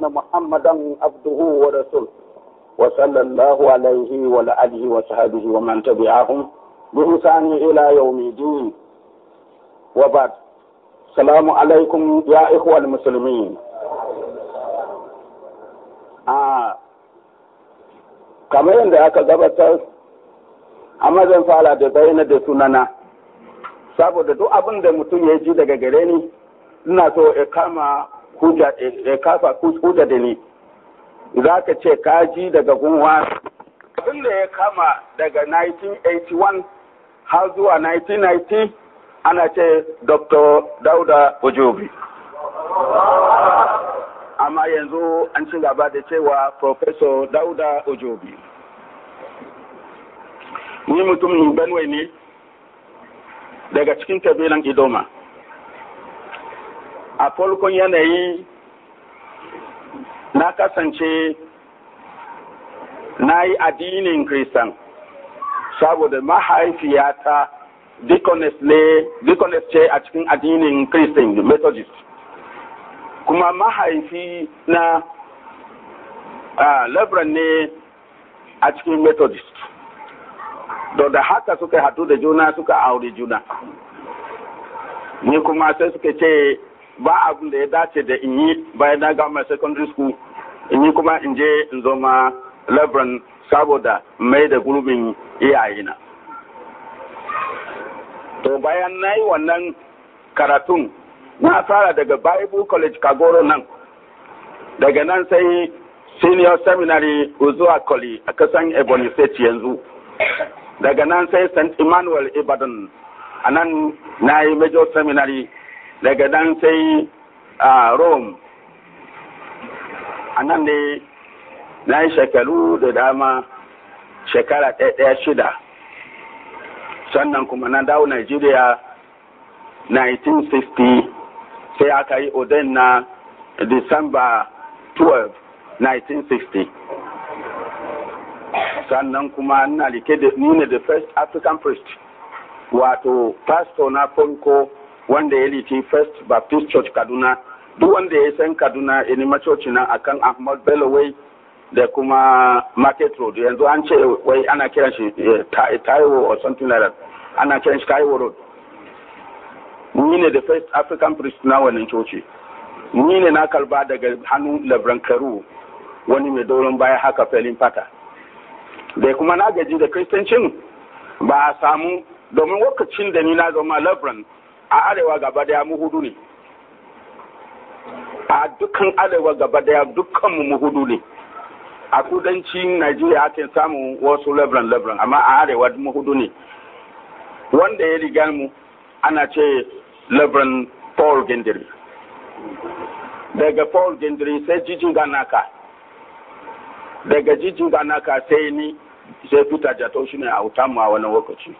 أن محمدا عبده ورسوله وصلى الله عليه وعلى آله وصحبه ومن تبعهم بإحسان إلى يوم الدين وبعد السلام عليكم يا إخوة المسلمين آه. kamar yadda aka gabatar amma zan fara da bayyana da sunana saboda duk abin da mutum ya ji daga gare ni ina so ya kama hujja eh, kafa da ni za ka ce kaji daga gunwa abin da ya kama daga 1981 har zuwa 1990 ana ce dr dauda ojobi amma yanzu an ci gaba da cewa professor dauda ojobi ni mutumin benue ne daga cikin kabilan idoma a farkon yanayi na kasance na yi addinin kristan saboda mahaifiyata deaconess ce a cikin addinin kristan methodist kuma mahaifi na uh, ne a cikin methodist da haka suka hadu da juna suka aure juna ni kuma sai suka ce ba abin da ya dace da in yi bayan na gama secondary school in yi kuma in je in zama labran saboda mai da gurbin iyayena to bayan na yi wannan karatun na fara daga bible college kagoro nan daga nan sai senior seminary zuwa koli a kasan ebonyi state yanzu daga nan sai st emmanuel ibadan a nan na yi major seminary daga dan sai a rome a nan ne na yi shekaru da dama shekara ɗaya shida sannan kuma na dawo nigeria 1960 sai aka yi odin na disamba 12 1960 sannan kuma na like the first african priest wato pastor na farko wanda ya litin first baptist church kaduna duk wanda ya san kaduna enima church nan akan ahmad bello wai da kuma market road yanzu an ce wai ana kiran shi eh, taiwo or something like that ana kiran shi taiwo road ni ne the first african priest na wannan coci ni ne na kalba daga hannun lebron karu wani mai doron baya haka felin fata da kuma na gaji da kristancin ba a samu domin lokacin da ni na zama lebron a arewa gaba daya mu hudu ne a dukkan arewa gaba daya dukkan mu hudu ne a kudancin najeriya ake samu wasu lebron lebron amma a arewa mu hudu ne wanda ya riga mu ana ce lebron paul gendry daga paul gendry sai jijin ganaka daga jijin ganaka sai ni sai fita jato shi ne a wuta mu a wani lokaci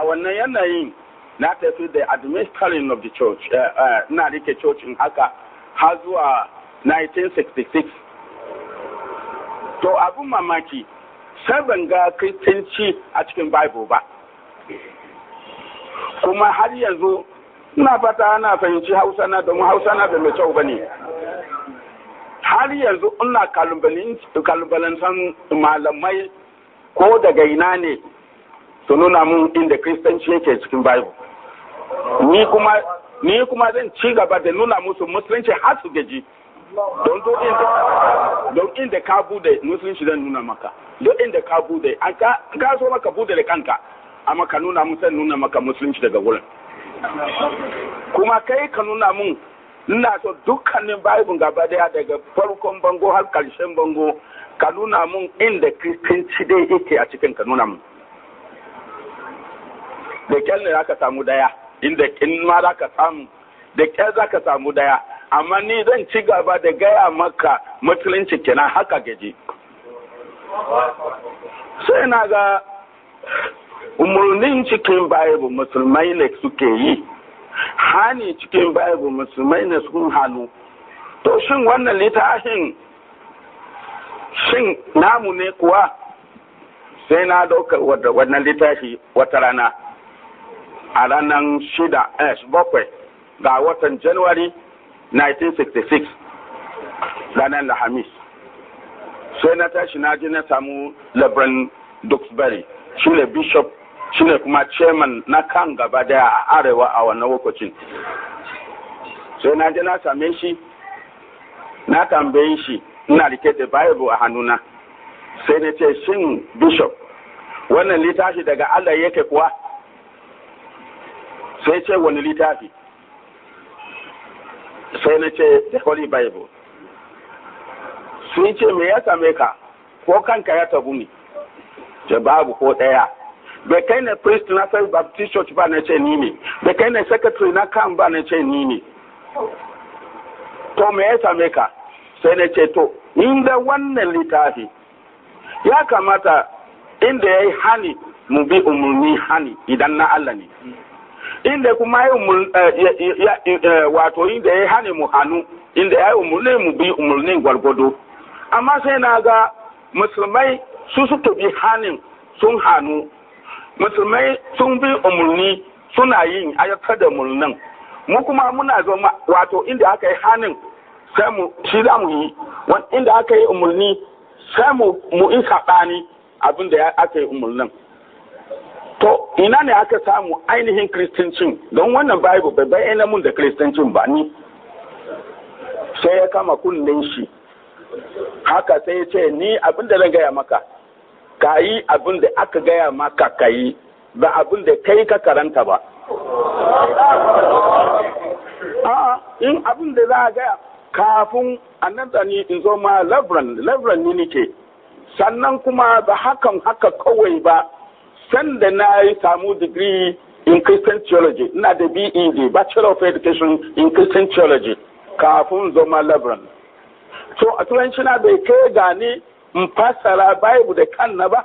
a wannan yanayin na tafi da administering of the church eh, eh, na rike church in haka har zuwa 1966 to abin mamaki sai ban ga kristanci a cikin bible ba kuma har yanzu ina fata ana fahimci hausa na domin hausa na da mai kyau ba ne har yanzu ina kalubalantar malamai ko daga ina ne su nuna mun inda kristanci yake cikin bible ni kuma ni kuma zan ci gaba da nuna musu musulunci har su gaji don zo inda don inda ka bude musulunci zan nuna maka don inda ka bude an ka ka so maka bude da kanka amma ka nuna mun zan nuna maka musulunci daga wurin kuma kai ka nuna mun ina so dukkanin bible gaba daya daga farkon bango har karshen bango ka nuna mun inda kristanci dai yake a cikin ka nuna mun da kyal ne ka samu daya inda in ma za ka samu da za ka samu daya amma ni zan ci gaba da gaya maka musulunci kenan haka gaji sai na ga umarnin cikin bible musulmai ne suke yi hani cikin bible musulmai ne sun hannu to shin wannan littafin shin namu ne kuwa sai na ɗaukar wannan littafi wata rana a ranar shida eh, bakwai ga watan Januwari 1966 ranar Lahamis. Sai na tashi na je na samu Lebron Duxbury shi ne bishop shi kuma chairman na kan gaba daya a arewa a wannan lokacin. Sai na je na same shi na tambaye shi ina rike da Bible a hannuna. Sai na ce shin bishop wannan littafi daga Allah yake kuwa sai ce wani littafi sai na ce the holy bible sun ce me ya same ka ko kanka ya tagu ne ce babu ko daya bai kai na priest na sai baptist church ba na ce ni ne bai kai na secretary na kan ba na ce ni ne to me ya same ka sai na ce to inda wannan littafi ya kamata inda ya yi hani mu bi umarni hani idan na Allah ne inda kuma ya eh, eh, wato inda ya hane mu hannu inda ya yi umarni mu bi umarnin gwargwado amma sai na ga musulmai su suka bi hanin sun hannu musulmai sun bi umarni suna yin ayyuka da murnin mu kuma muna zama wato inda aka yi hannun sai mu shi za mu yi inda aka yi umarni sai mu in saɓani abin da aka yi umarnin To, ina ne aka samu ainihin kristincin don wannan Bible bai bayyana mun da kristincin ba ni. Sai ya kama kunnen shi, haka sai ya ce ni abin da zan gaya maka, ka yi abin da aka gaya maka ka yi, ba abin da kai ka karanta ba. A'a, in abin da za a gaya kafin annan ni in zo ma labran, labran ni nike, sannan kuma ba hakan haka kawai ba. sanda na yi samu digiri in Christian Theology, ina da BED, Bachelor of Education in Christian Theology, kafin zoma labran So, a turanci na bai kai gani in fassara Bible da kan na ba.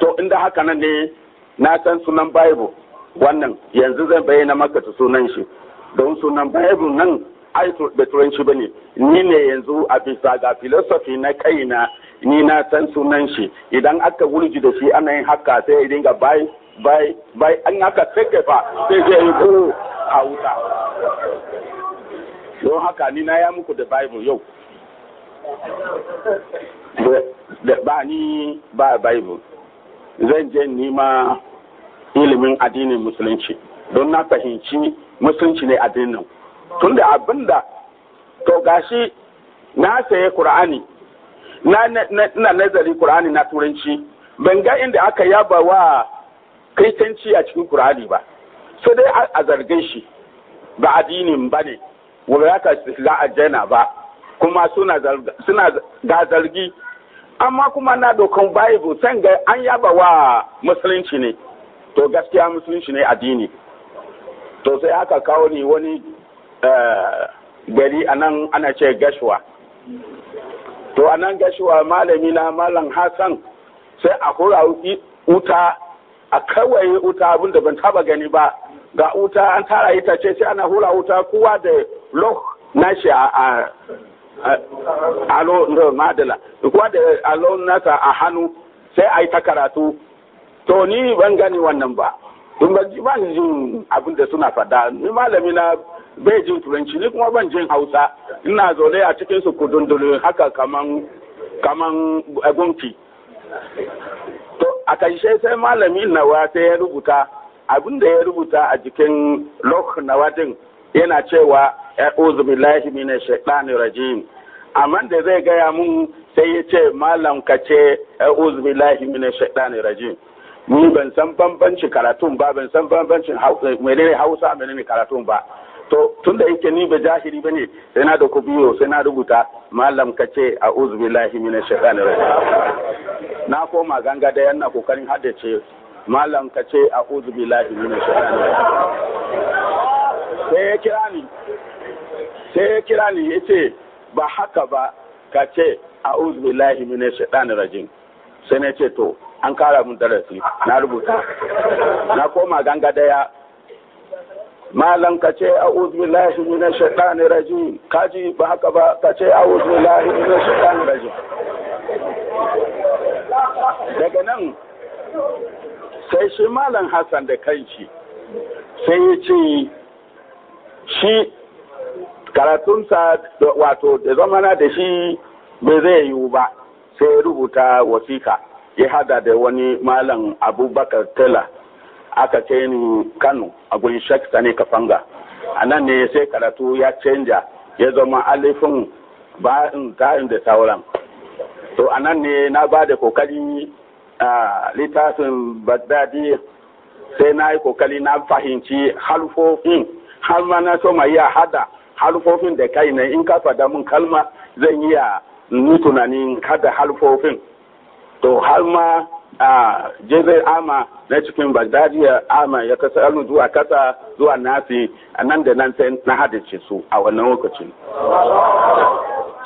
To, inda haka nan ne na san sunan Bible, wannan yanzu zan bayyana maka ta sunan shi, don sunan Bible nan ai da turanci ba ne, ni ne yanzu a bisa ga philosophy na kaina ni na san sunan shi idan aka wulji da shi ana yin haka sai ya dinga bai bai bai an haka take fa sai zai yi ko a wuta don haka ni na ya muku da bible yau da ba ni ba bible zan je nima ilimin addinin musulunci don na fahimci musulunci ne addinin tunda abinda to gashi na saye qur'ani na ina nazari kur'ani na turanci ban ga inda aka yaba wa kristanci a cikin kur'ani ba sai dai a zargin shi ba addinin ba ne wanda za a jena ba kuma suna ga zargi amma kuma na dokan bible san ga an yaba wa musulunci ne to gaskiya musulunci ne addini to sai aka kawo ni wani eh, gari a nan ana ce gashuwa to a nan gashiwa malami na malam hassan sai a hura wuta a kawai wuta abin da ban taba gani ba ga wuta an tara ita ce sai ana hura wuta kowa da loh nashi a alo madala kowa da alo nasa a hannu sai a yi ta karatu to ni ban gani wannan ba tun ban ji ban jin abin da suna fada ni malami na bai jin turanci ni kuma ban jin hausa ina zaune a cikin su kudundulu haka kaman kaman gunki to a karshe sai malami nawa sai ya rubuta abin da ya rubuta a jikin lok nawa yana cewa a'udhu billahi minash shaitani rajim amma da zai gaya mun sai ya ce malam ka ce a'udhu billahi minash shaitani rajim ni ban san bambancin karatun ba ban san bambancin menene hausa menene karatun ba to tun da yake ni ba jahiri ba ne sai na da ku biyo sai na rubuta malam ka ce a lahi mina shaitanir rajim na koma ganga da yana kokarin ce malam ka ce a uzubillahi mina shaitanir rajim sai ya kira ni sai ya kira ni ya ce ba haka ba ka ce a lahi mina shaitanir rajim sai na ce to an kara mun darasi na rubuta na koma ganga daya malam ka ce a'udhu billahi minash shaitani rajim kaji ba haka ba ka ce a'udhu billahi minash shaitani rajim daga nan sai shi malam hassan da kanshi sai ya ce shi karatunsa wato da zamana da shi bai zai yiwu ba sai rubuta wasika ya hada da wani malam abubakar tela aka ce ni kano a gurin shek sani kafanga a nan ne sai karatu ya canja ya zama alifin ba'in ta'in da sauran to a nan ne na ba da kokari a littafin bagdadi sai na yi kokari na fahimci halfofin har ma na so ma iya hada halfofin da kai ne in ka fada mun kalma zan iya ni tunanin hada halfofin to har ma a jebe ama na cikin bagdadiya ama ya kasa alu zuwa kasa zuwa nasi a nan da nan sai na hadace su a wannan lokacin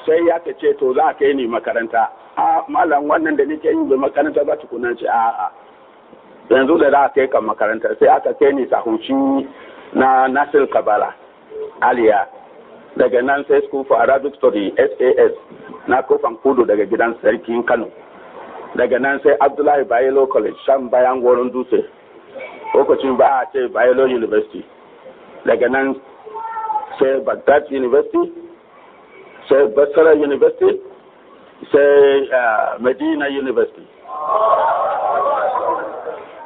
sai ya ta ce to za a kai ni makaranta a malam wannan da nake yi bai makaranta ba tukuna ce a a yanzu da za a kai kan makaranta sai aka kai ni sahunci na nasir kabala aliya daga nan sai school for arabic study sas na kofan kudu daga gidan sarkin kano daga nan sai abdullahi bayelo college shan bayan goron dutse lokacin ba a ce bayelo university daga nan sai baghdad university sai basra university sai eh, medina university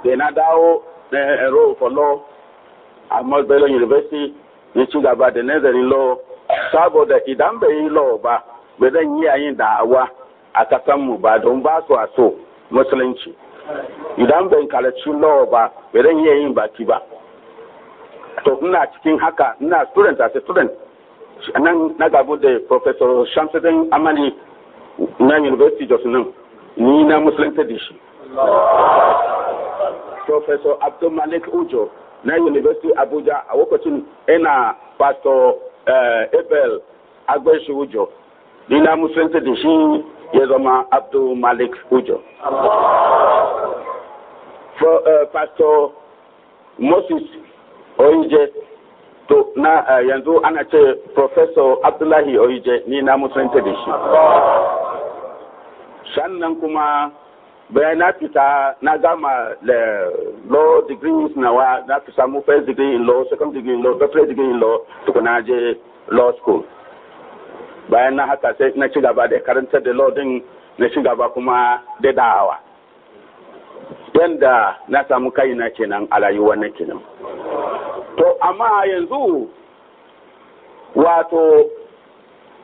da na dawo na eh, enroll for law a bello university ya ci gaba da nazarin law saboda idan bai yi law ba bai zan yi yayin da'awa a ƙasanmu ba don ba su a so musulunci idan ban kalaci lawa ba bai zan iya yin baki ba to ina cikin haka ina student as a student nan na gabu da professor shamsuddin amali na university jos nan ni na musulunta da shi professor abdul malik ujo na university abuja a lokacin ina pastor eh, abel agbashi ujo ni na musulunta da shi Yezoma Abdul Malik Ujo. For uh, Pastor Moses Oije to na uh, yanzu ana ce Professor Abdullahi Oije ni na musanta da Sannan kuma bayan na fita na gama da law degrees nawa na fi samu first degree in law second degree in law doctorate degree in law je law school. bayan na haka sai na ci gaba da karantar da law na ci gaba kuma da da'awa da na samu kaina kenan a rayuwar na kenan to amma yanzu wato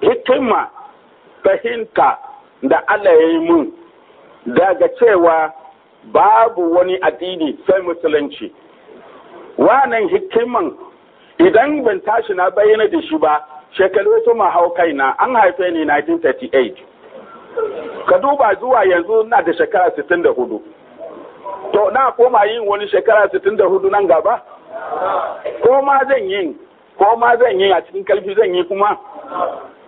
hikima fahimta da Allah ya yi mun daga cewa babu wani addini sai musulunci wannan hikiman idan ban tashi na bayyana da shi ba shekaru su ma hau na an haife ni 1938 ka duba zuwa yanzu na da shekara 64 to na koma yin wani shekara 64 nan gaba ko ma zan yi ko ma zan yi a cikin kalfi zan yi kuma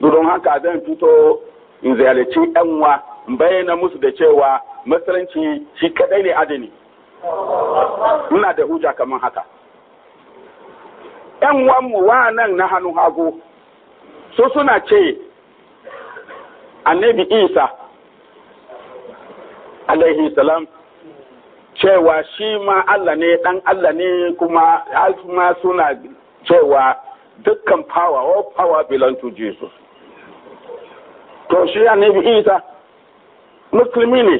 don haka zan fito in ziyarci yan wa in bayyana musu da cewa matsalanci shi kadai ne adani ina da hujja kamar haka yan wanmu wa nan na hannu hagu so suna ce annabi isa alaihi salam cewa shi ma Allah ne dan Allah ne kuma ma suna cewa dukkan power all power belong to Jesus to shi annabi Isa musulmi ne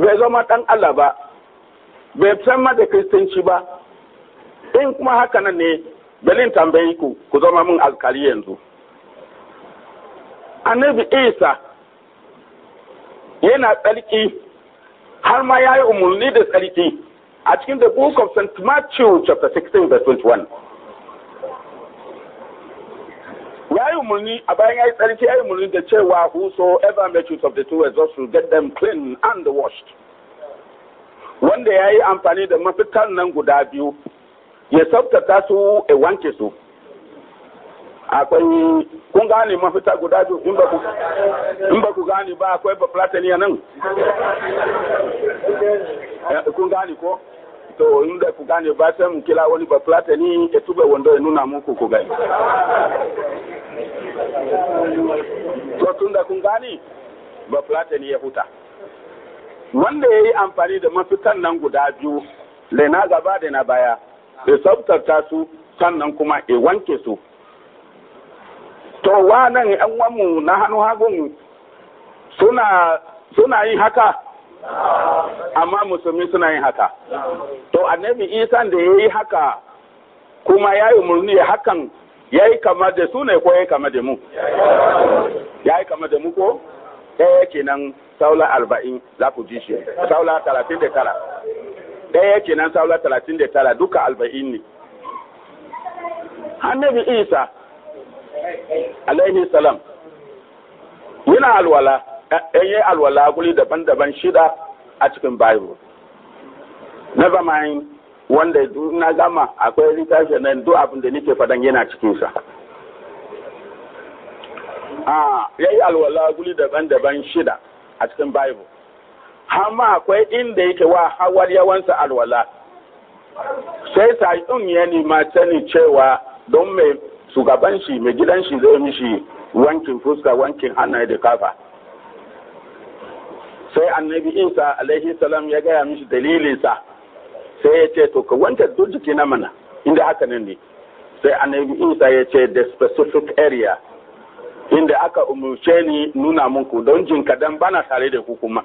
bai zama dan Allah ba bai san ma da kristanci ba in kuma haka nan ne belin tambayi ku ku zama mun alkali yanzu annabi isa yana tsarki har ma ya yi umarni da tsarki a cikin the book of st matthew chapter 16 verse 21 ya yi umarni a bayan ya yi tsarki ya yi umarni da cewa whosoever merchants of the two exhausts will get them clean and washed wanda ya yi amfani da mafitan nan guda biyu ya tsabtata su a wanke su akwai kun gane mafita guda biyu in ba ku gane ba akwai ba platani a nan eh, kun gane ko to in da ku gane ba sai mu kila wani ba platani ya tuba wando ya nuna muku ku gani to tun da kun gane ba platani ya huta wanda ya yi amfani da mafitan nan guda biyu da na gaba da na baya ya tsabtata su sannan kuma e wanke su to nan yan uwanmu na hannu hagun suna suna yin haka amma musulmi suna yin haka to annabi isa da ya yi haka kuma ya yi murni hakan ya yi kama da su ne ko ya yi kama da mu ya yi kama da mu ko ɗaya kenan saula arba'in za ku ji shi saula talatin da tara ɗaya kenan saula talatin da tara duka alba'in ne annabi isa alaihi salam yana alwala ɗan eh, yi alwala guri daban-daban shida a cikin bible na zamanin wanda na gama akwai littafi nan duk abin da nike fadan yana cikinsa a ah, yi alwala guri daban-daban shida a cikin bible amma akwai inda yake wa hawar yawansa alwala sai sa yin ya nima sani cewa don mai shugaban shi mai gidan shi zai mishi wankin fuska wankin hannaye da kafa sai annabi isa alaihi salam ya gaya mishi dalilinsa sai ya ce to ka wanke duk jiki na mana inda haka nan ne sai annabi isa ya ce the specific area inda aka umurce ni nuna muku don jin kadan bana tare da ku kuma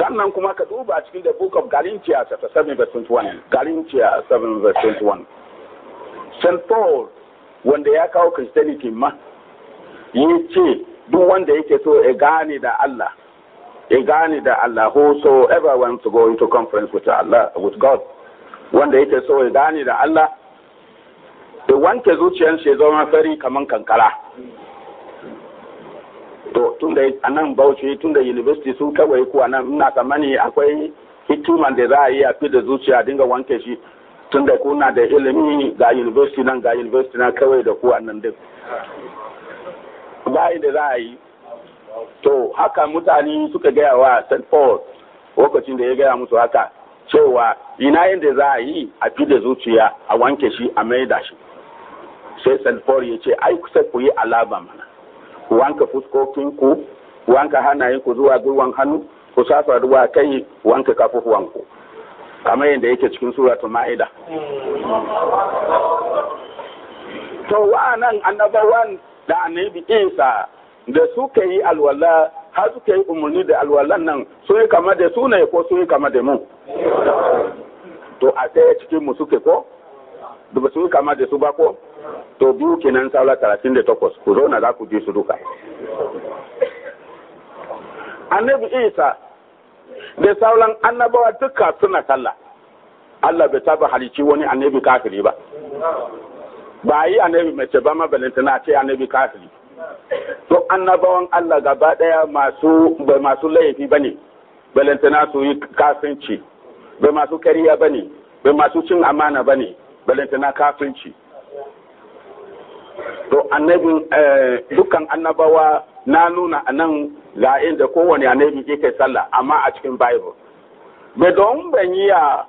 sannan kuma ka duba a cikin the book of Galatians chapter 7 verse 21 Galatians 7 verse 21 St Paul wanda ya kawo Christianity ma ya ce duk wanda yake so ya gane da Allah ya gane da Allah ever want to go into conference with Allah with God wanda yake so ya gane da Allah da wanke zuciyar ya zama fari kaman kankara to da a nan bauchi da university su kawai kuwa nan ina tsammani akwai hikiman da za a yi a fi da zuciya dinga wanke shi Tun da kuna da ilimi ga university nan ga university nan kawai da kuwa nan din bayan da za a yi to haka mutane suka gaya wa st paul lokacin da ya gaya musu haka cewa ina yadda za a yi a fi da zuciya a wanke shi a maida shi sai st paul ya ce ai kusa ku yi alaba mana ku wanka fuskokinku ku wanka hannayenku zuwa gwiwan hannu ku safa ruwa kai wanka kafufuwanku kamar yadda yake cikin suratul ma'ida to wa'anan annabawan da annabi isa da suka yi alwala har suka yi umarni da alwalan nan sun yi kama da su ne ko sun yi kama da mu to a ɗaya cikin mu suke ko da su yi kama da su ba ko to biyu kenan tsawon talatin da takwas ku zauna za ku je su duka annabi isa da tsawon annabawa duka suna sallah Allah bai taba halici wani annabi kafiri ba ba yi annabi mace ba ma na ce annabi kafiri to annabawan Allah gaba daya masu ba masu laifi balinta na su yi kafinci ba masu kariya ne ba masu cin amana balinta na kafinci to annabin eh, dukkan annabawa na nuna a nan ga inda kowane annabi kai sallah amma a cikin bible me don ban yi ya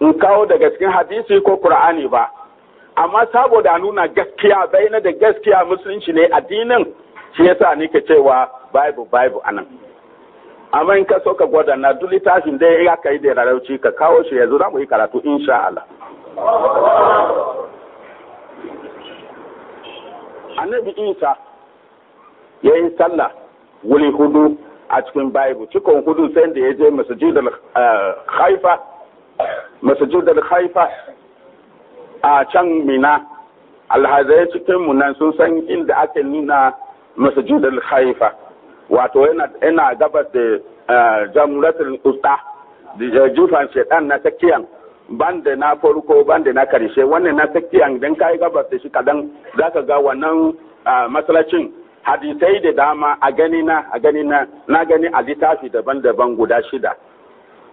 in kawo daga cikin hadisi ko qur'ani ba amma saboda nuna gaskiya na da gaskiya musulunci ne addinin shi yasa nake cewa bible bible anan amma in ka so ka gwada na duk littafin da ya kai da rarauci ka kawo shi yanzu za mu yi karatu insha Allah annabi isa ya yi sallah wuri hudu a cikin bible cikon hudu sai da ya je masajidar eh, haifa haifa a can mina alhazai cikin munan sun san inda ake nuna masajidar haifa wato yana gabas da eh, jamuratul usta da eh, jufan shaitan na tsakiyan banda na farko banda na karshe wannan na tsakiyan idan ka yi gabas da shi kadan za ka ga wannan masalacin hadisai da dama a gani na a gani na na gani a littafi daban-daban guda shida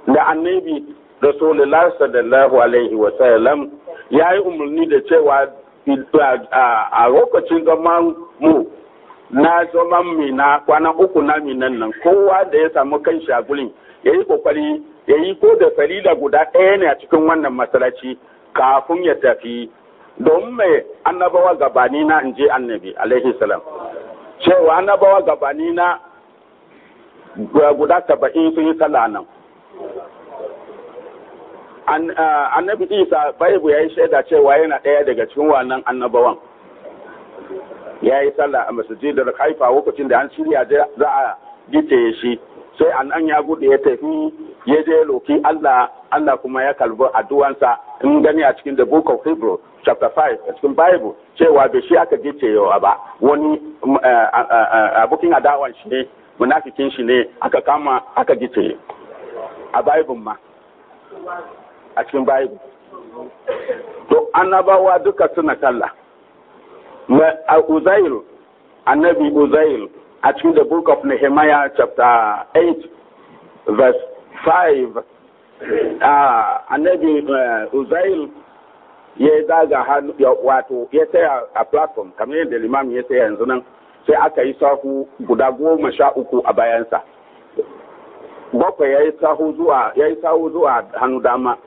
da annabi rasulullah sallallahu alaihi wa sallam ya yi umarni da cewa a lokacin zaman mu na zaman mina kwana uku na minan nan kowa da ya samu kan shagulin ya yi kokari ya yi ko da salila guda ɗaya ne a cikin wannan masalaci kafin ya tafi don mai annabawa gabani na in je annabi alaihi salam cewa annabawa gabani na guda saba'in sun yi sallah nan annabi isa baibu ya yi shaida cewa yana ɗaya daga cikin wannan annabawan ya yi sallah a masjidar haifa lokacin da an shirya za a gice shi sai an ya gudu ya tafi ya je Allah Allah kuma ya kalbi addu'ansa in gani a cikin the book of Hebrew chapter 5 a cikin Bible cewa bai shi aka gicewa ba wani mm, eh, eh, eh, abokin adawan shi ne munafikin shi ne aka kama aka gice a Bible ma a cikin Bible to annabawa duka suna kalla a Uzairu annabi Uzairu a cikin the book of Nehemiah chapter 8 verse 5 ah, annabi eh, uzail ya daga hannu wato ya tsaya a platform kamar yadda limam ya tsaya yanzu nan sai aka yi sahu guda goma sha uku a bayansa bakwai ya yi sahu zuwa ya yi sahu zuwa hannu dama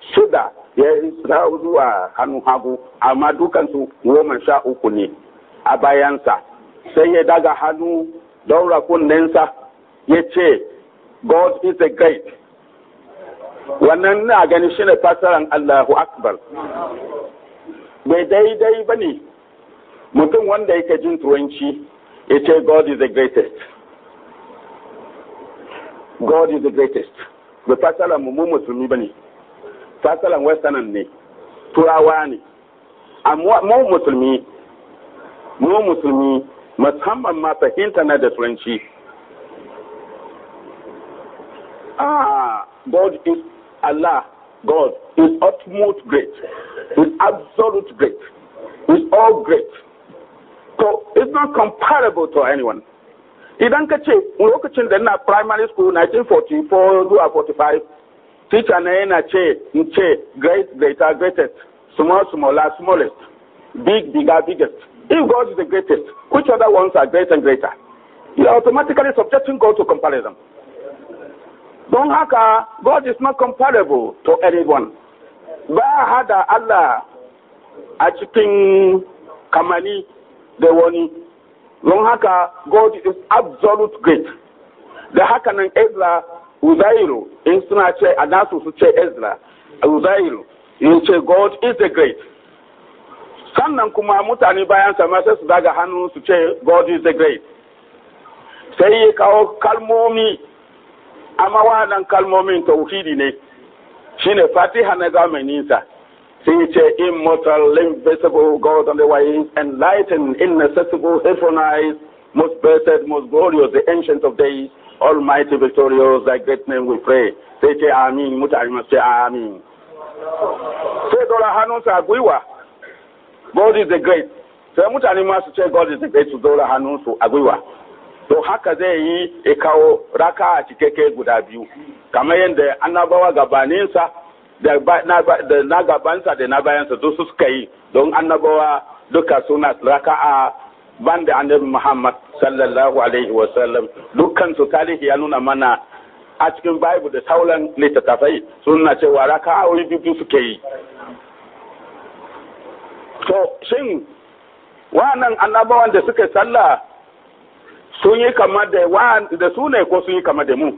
shida ya yi sahu zuwa hannu hagu amma dukansu goma sha uku ne a bayansa sai ya daga hannu daura nensa, ya ce God is a great. Wannan na gani shine fasaran Allahu Akbar. Bai daidai ba ne mutum wanda yake jin turanci ya ce God is the greatest. God is the greatest. Bai fasaran mu musulmi ba ne. Fasaran Westernan ne, Turawa ne. Amma mu musulmi, mu musulmi musamman ma fahimta na da turanci. Ah, God is Allah. God is utmost great, is absolute great, is all great. So it's not comparable to anyone. Idan ka ce, lokacin da na primary school 1944 zuwa 45, teacher na yana ce, in ce, great, greater, greatest, small, smaller, smallest, big, bigger, biggest. If God is the greatest, which other ones are great and greater? You are automatically subjecting God to comparison. don haka God is not comparable to anyone ba hada Allah a cikin kamani da wani don haka God is absolute great da haka nan Ezra Uzairu in suna ce a nasu su ce Ezra Uzairu in ce God is the great sannan kuma mutane bayan sama sai su daga hannu su ce God is the great sai ya kawo kalmomi amma wannan kalmomin tauhidi ne shine fatiha na zamaninsa sai ce immortal invisible god on the way enlightened inaccessible heavenized most blessed most glorious the ancient of days almighty victorious thy great name we pray sai ce amin mutane masu ce amin sai dora hannunsa a gwiwa god is the great sai mutane masu ce god is the great su dora hannunsu a gwiwa to haka zai yi ya kawo raka a cikakke guda biyu kamar yadda annabawa gabaninsa da na gabansa da na bayansa duk suka yi don annabawa duka suna raka a ban da annabi muhammad sallallahu alaihi wasallam dukkan su tarihi ya nuna mana a cikin bible da sauran littattafai suna cewa raka a wuri biyu suke yi to shin wannan annabawan da suka sallah sun yi kama da wa da su ne ko sun yi kama da mu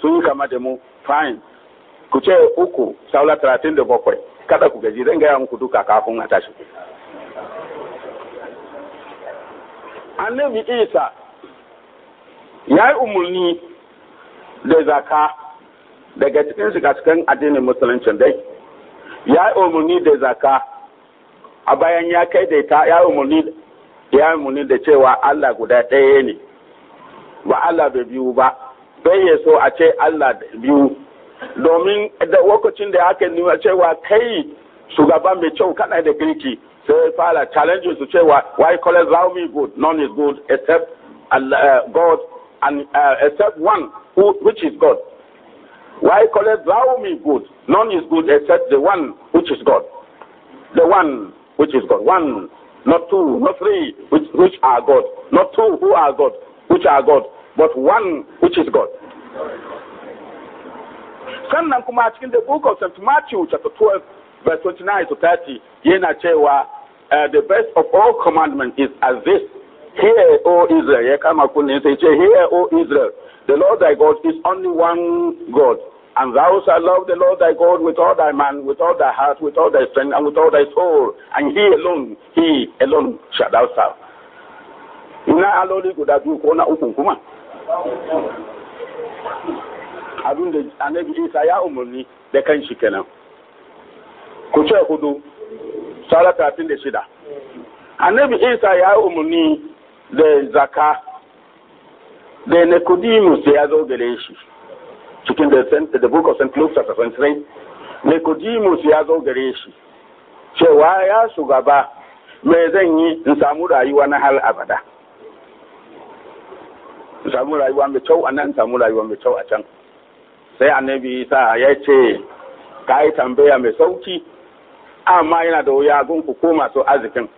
sun yi kama da mu fine ku ce uku saula 37 kada ku gaji zan gaya muku duka kafin a tashi annabi isa ya yi umarni da zaka daga cikin shiga-cikin addinin musulunci dai ya yi umarni da zaka a bayan ya kai da ya yi umarni ya muni da cewa Allah guda ɗaya ne ba Allah da biyu ba bai ya so a ce Allah da biyu domin da lokacin da aka nuna cewa kai shugaban mai kyau kana da girki sai fara challenge su cewa why call it thou me good none is good except Allah, uh, God and uh, except one who, which is God why call it thou me good none is good except the one which is God the one which is God one Not two, not three, which, which are God. Not two who are God, which are God, but one which is God. Sannan kuma a cikin the book of St. Matthew chapter 12 verse 29 to 30 yana cewa uh, the best of all commandments is as this Hear, O Israel, ya kama kunne sai ce, Hear, O Israel, the Lord thy God is only one God, And thou shalt love the Lord thy God with all thy man, with all thy heart, with all thy strength, and with all thy soul. And he alone, he alone shalt thou serve. Ina aloli guda biyu ko na ukun kuma? Abin da annabi Isa ya umarni da kan shi kenan. Ku ce hudu, sara talatin da shida. Annabi Isa ya umarni da zaka, da Nicodemus ya zo gare shi. cikin da book of St. Luke Sassafansirai, Nicodemus ya zo gare shi, cewa ya shugaba mai zan yi in samu rayuwa na hal abada. In samu rayuwa mai kyau a nan, in samu rayuwa mai kyau a can. Sai annabi sa ya ce, ka yi tambaya mai sauki, amma yana da wuya ku koma masu arzikin.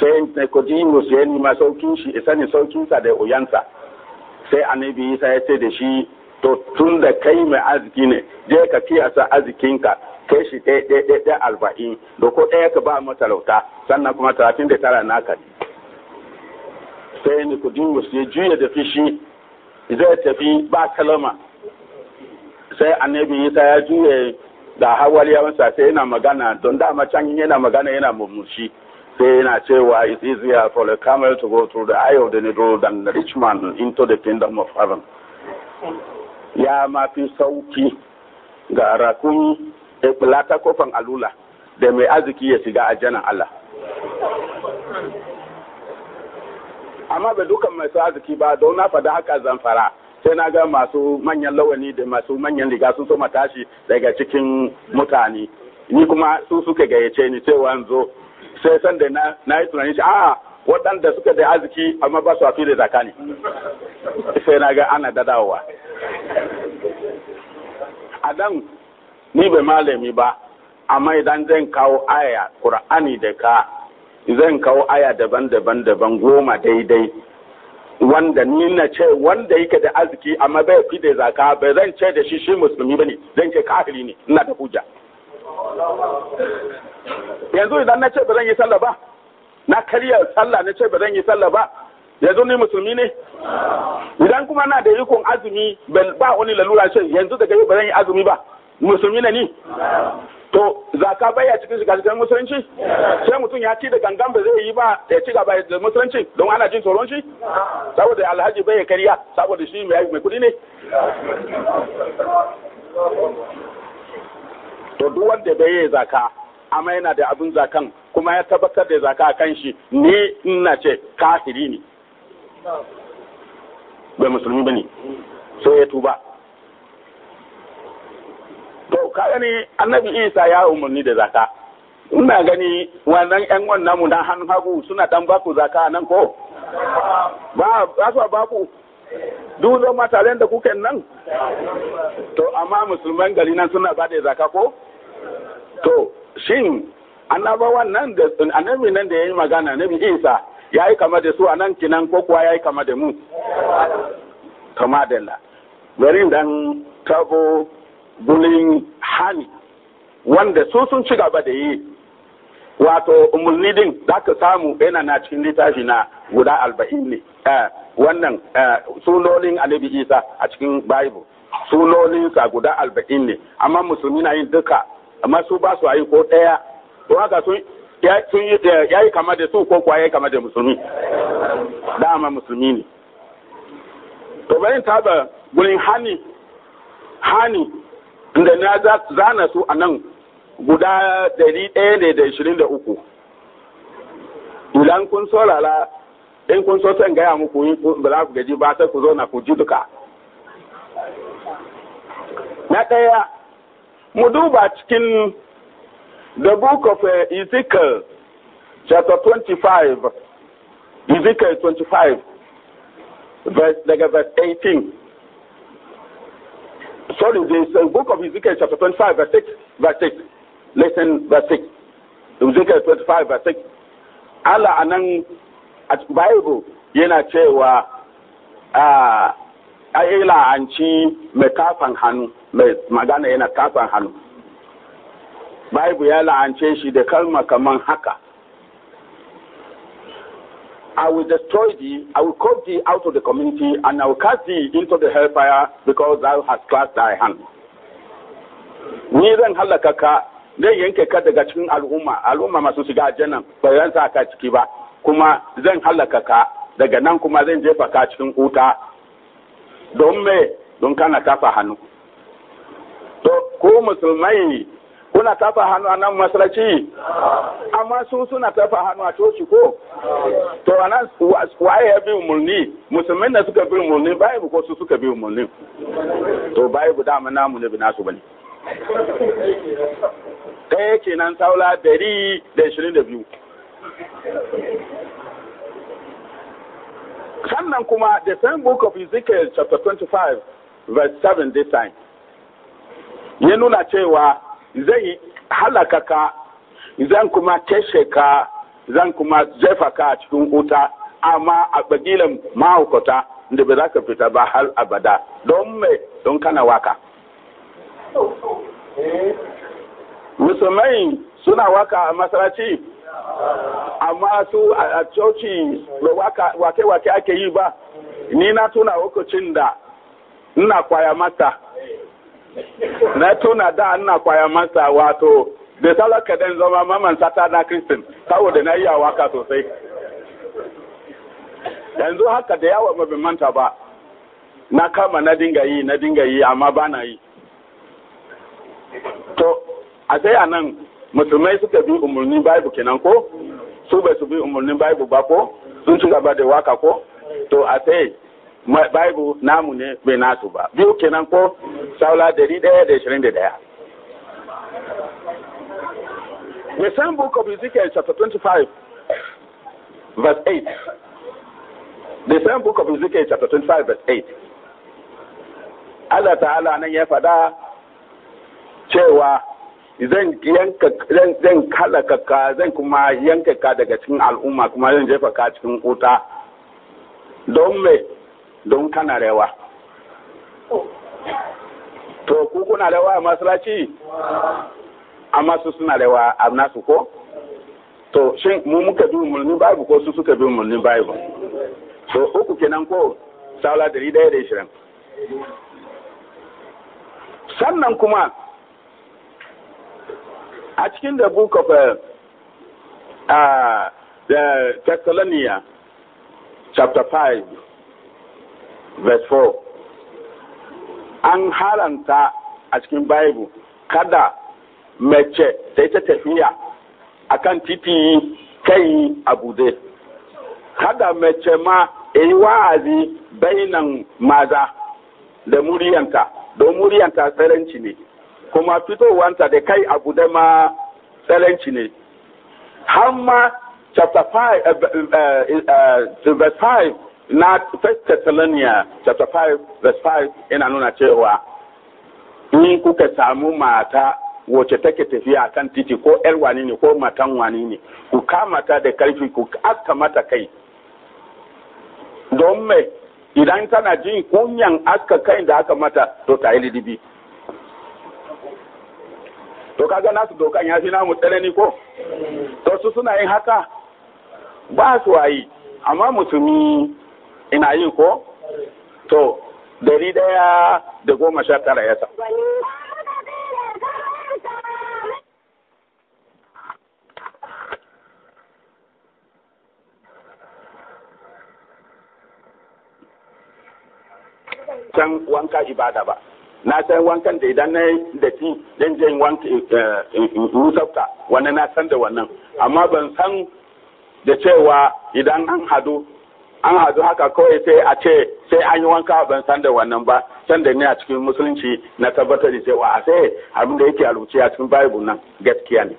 Sai Nicodemus ya nima saukin shi, isa ne saukinsa da uyansa. sai annabi isa ya ce da shi to tun da kai mai arziki ne je ka kiyasa arzikinka kai shi ɗaya ɗaya arba'in da ko ɗaya ka ba matalauta sannan kuma talatin da tara naka ne sai nicodemus ya juya da fishi zai tafi ba kalama sai annabi isa ya juya da hawar yawansa sai yana magana don dama can yana magana yana murmushi Say in cewa it's easier for the camel to go through the eye of the needle than the rich man into the kingdom of heaven. Ya mafi sauki ga rakun ɗaya kofan alula da mai arziki ya shiga jana Allah. Amma bai dukan masu arziki ba don na faɗa haka zamfara sai na ga masu manyan lawani da masu manyan riga sun so tashi daga cikin mutane. Ni kuma su suka gayyace ni cewa zo sai san da na yi tunanin shi a waɗanda suka da arziki amma ba su a da zaka ne sai na ga ana dadawa a dan ni bai malami ba amma idan zan kawo aya ƙura'ani da ka zan kawo aya daban-daban daban goma daidai wanda ni na ce wanda yake da arziki amma bai fi da zaka bai zan ce da shi shi musulmi ba ne, zan ce kafiri ne ina da hujja yanzu idan na ce ba zan yi sallah ba na karya sallah na ce ba zan yi sallah ba yanzu ni musulmi ne idan kuma na da ikon azumi ba wani lalura ce yanzu daga yau ba zan yi azumi ba musulmi ne ni to ka baya cikin shiga cikin musulunci sai mutum ya ci da gangan ba zai yi ba ya ci gaba da musulunci don ana jin tsoron shi saboda alhaji bai kariya saboda shi mai mai kudi ne to duk wanda bai yi zaka amma yana da abin zakan kuma ya tabbatar da zaka a kan shi ne ina ce kafiri ne bai musulmi ba ne so ya tuba to ka gani annabi isa ya umarni da zaka ina gani wannan yan wannan mu na hannun hagu suna dan baku zaka nan ko ba ba su baku duk zama tare da kuke nan to amma musulman gari nan suna ba da zaka ko to shin annabawan nan da annabi nan da ya yi magana annabi isa ya yi kama da su a nan kinan ko kuwa ya yi kama da mu kama da la bari dan tabo bulin hani wanda su sun ci gaba da yi wato umulni din za ka samu yana na cikin littafi na guda alba'in ne eh, wannan eh, sunonin alibi isa a cikin bible sa guda alba'in ne amma musulmi na yin duka amma su ba su ayi ko ɗaya to haka sun ya yi kama da su ko kuwa ya yi kama da musulmi dama musulmi ne to bari ba gurin hani hani da na zana su a nan guda ɗari ɗaya ne da ishirin da uku idan kun lala in kun so san gaya muku ba za ku gaji ba sai ku zo na ku ji duka na ɗaya mu duba cikin the book of eh, ezekiel chapter 25 ezekiel 25 verse daga verse 18 sorry the book of ezekiel chapter 25 verse 6 verse 6 listen verse 6 ezekiel 25 verse 6 Allah a at bible yana cewa a ah, ai la'anci mai kafan hannu mai magana yana kafan hannu Baibu ya la'ance shi da kalma kaman haka I will destroy thee, I will cut thee out of the community, and I will cast thee into the hellfire because thou hast cast thy hand. Ni zan hallaka ka, zan yanke ka daga cikin al'umma, al'umma masu shiga jannan ba zan sa ka ciki ba, kuma zan hallaka ka, daga nan kuma zan jefa ka cikin wuta don me don kana kafa hannu to ko musulmai kuna kafa hannu a nan masalaci amma su suna kafa hannu a coci ko to a nan waye ya biyu umarni musulmin da suka bi umarni bible ko su suka biyu umarni to bible dama namu ne bi nasu bane ɗaya nan taula dari da ishirin da biyu sannan kuma the same book of Ezekiel chapter 25 verse 7 this time ya nuna cewa zai halaka ka zan kuma kashe ka zan kuma jefa ka a cikin wuta amma a bagilan mahaukata da ba za ka fita ba har abada don me don kana waka musulmai suna waka a masaraci amma su a coci wake-wake ake yi ba ni na tuna lokacin da nna kwaya mata na tuna da nna kwaya mata wato da salaka dan zama maman sata na kristin saboda na iya waka sosai yanzu haka da yawa mabin manta ba na kama na dinga yi na dinga yi amma ba na yi to a sai a nan musulmai suka bi umarnin bible kenan ko su bai su bi umarnin bible ba ko sun ci gaba da waka ko to a sai bible namu ne bai nasu ba biyu kenan ko saula dari daya da ishirin da daya The same book of Ezekiel chapter 25 verse 8 The same book of Ezekiel chapter 25 verse 8 Allah ta'ala nan ya faɗa cewa zan yanka zan kalaka ka zan kuma yanka ka daga cikin al'umma kuma zan jefa ka cikin wuta don me don kana rewa to ku kuna rewa a masalaci amma su suna rewa a nasu ko to shin mu muka bi mulmin bible ko su suka bi mulmin bible to uku kenan ko saula 120 daya da sannan kuma a cikin da book of uh, uh, the Thessalonians chapter 5 verse 4 an haranta a cikin bible kada mace ta yi ta tafiya a kan titi kai a bude kada mace ma yi wa'azi bainan maza da muryanta don muryanta tsaranci ne kuma fitowanta da kai abu da ma tsalanci ne Hamma chapter 5 eh, eh, eh, verse 5 na first Thessalonians chapter 5 verse 5 ina nuna cewa in kuka samu mata wace take tafiya kan titi ko yar wani ne ko matan wani ne ku kama ta da karfi ku aska mata kai don mai idan tana jin kunyan aska kai da aka mata to ta yi lidibi to kaga nasu dokan ya fi namu tsanani ko to su suna yin haka ba su yi amma musulmi ina yi ko to dari daya da goma sha tara ya sa can wanka ibada ba na san wankan da idan na yi da ti dan je in rusafta eh, eh, wannan na san da wannan amma ban san da cewa idan an hadu an hadu haka kawai sai a ce sai an yi wanka ban san da wannan ba san da ni a cikin musulunci na tabbatar da cewa a sai abin da yake a rubuce a cikin bible nan gaskiya ne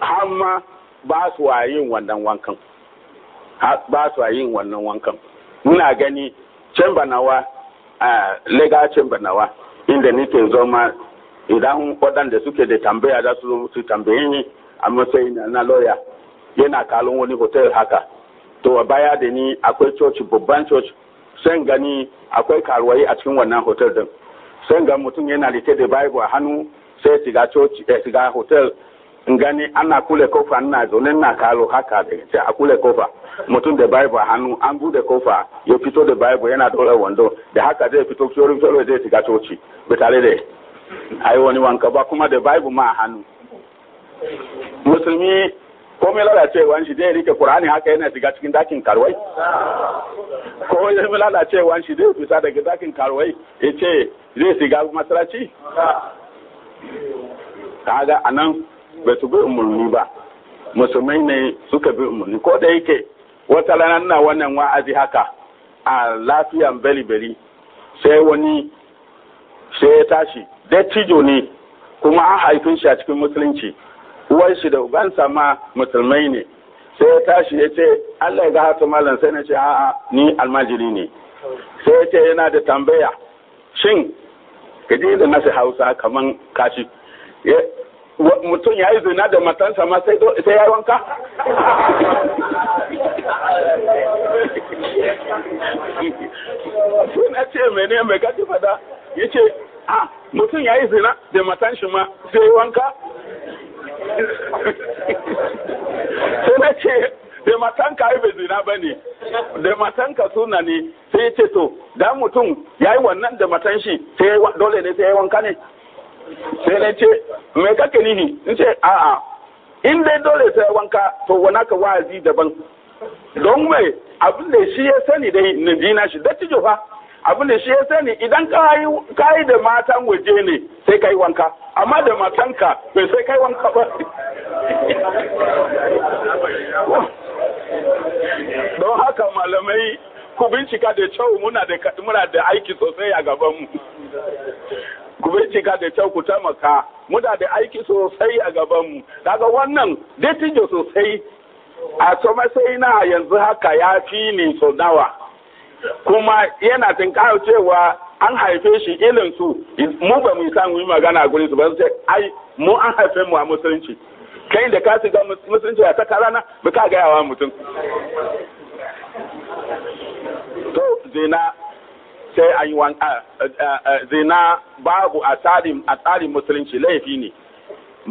amma ba su yin wannan wankan ba su yin wannan wankan muna gani chamber nawa a legal chamber nawa inda nake zama idan waɗanda suke da tambaya za su su tambaye ni a matsayin na lawyer yana kalon wani hotel haka to a baya da ni akwai church babban church sai gani akwai karuwai a cikin wannan hotel din sai ga mutum yana rike da bible a hannu sai shiga church eh, shiga hotel ngani ana kule kofa nna zo ne ka haka da ce a kule kofa mutum da bible hannu ambu de kofa ya fito da bible yana dole wando da haka de fito kyori fiyorin de shiga coci ba de. da ba kuma ma hannu musulmi shi rike qur'ani haka yana ya dakin karwai ba su bi umarni ba musulmai ne suka bi umarni ko da yake wata rana na wannan wa'azi haka a lafiyan bari sai wani sai ya tashi dattijo ne kuma an haifin shi a cikin musulunci uwar shi da ubansa ma musulmai ne sai ya tashi ya ce Allah ya ga hatu malam sai na ce a'a ni almajiri ne sai ya ce yana da tambaya shin kaji da nasu hausa kaman kashi mutum ya yi zina da matansa ma sai ya wanka? sai na ce mene mai gaji fada ya ce ah mutum ya yi zina da matan ma sai wanka? sai na ce da matanka yi bai zina ba ne da matanka suna ne sai ya ce to da mutum ya yi wannan da matanshi shi dole ne sai ya wanka ne sai na ce me kake nihi in ce a'a in dai dole sai wanka to wana ka wa'azi daban don mai abin da shi ya sani dai na dina shi dattijo fa abin da shi ya sani idan ka yi da matan waje ne sai ka yi wanka amma da matanka bai sai ka yi wanka ba don haka malamai ku bincika da kyau muna da muna da aiki sosai a gabanmu ku bincika da kyau ku taimaka muna da aiki sosai a gabanmu daga wannan dattijo sosai a so sai na yanzu haka ya fi ni so nawa kuma yana tinkawo cewa an haife shi ilin su mu ba mu san mu yi magana a gurin su ba ai mu an haife mu a musulunci kai da ka shiga musulunci a taka rana ba ka gaya wa mutum to zina sai a yi zina babu a tsarin musulunci laifi ne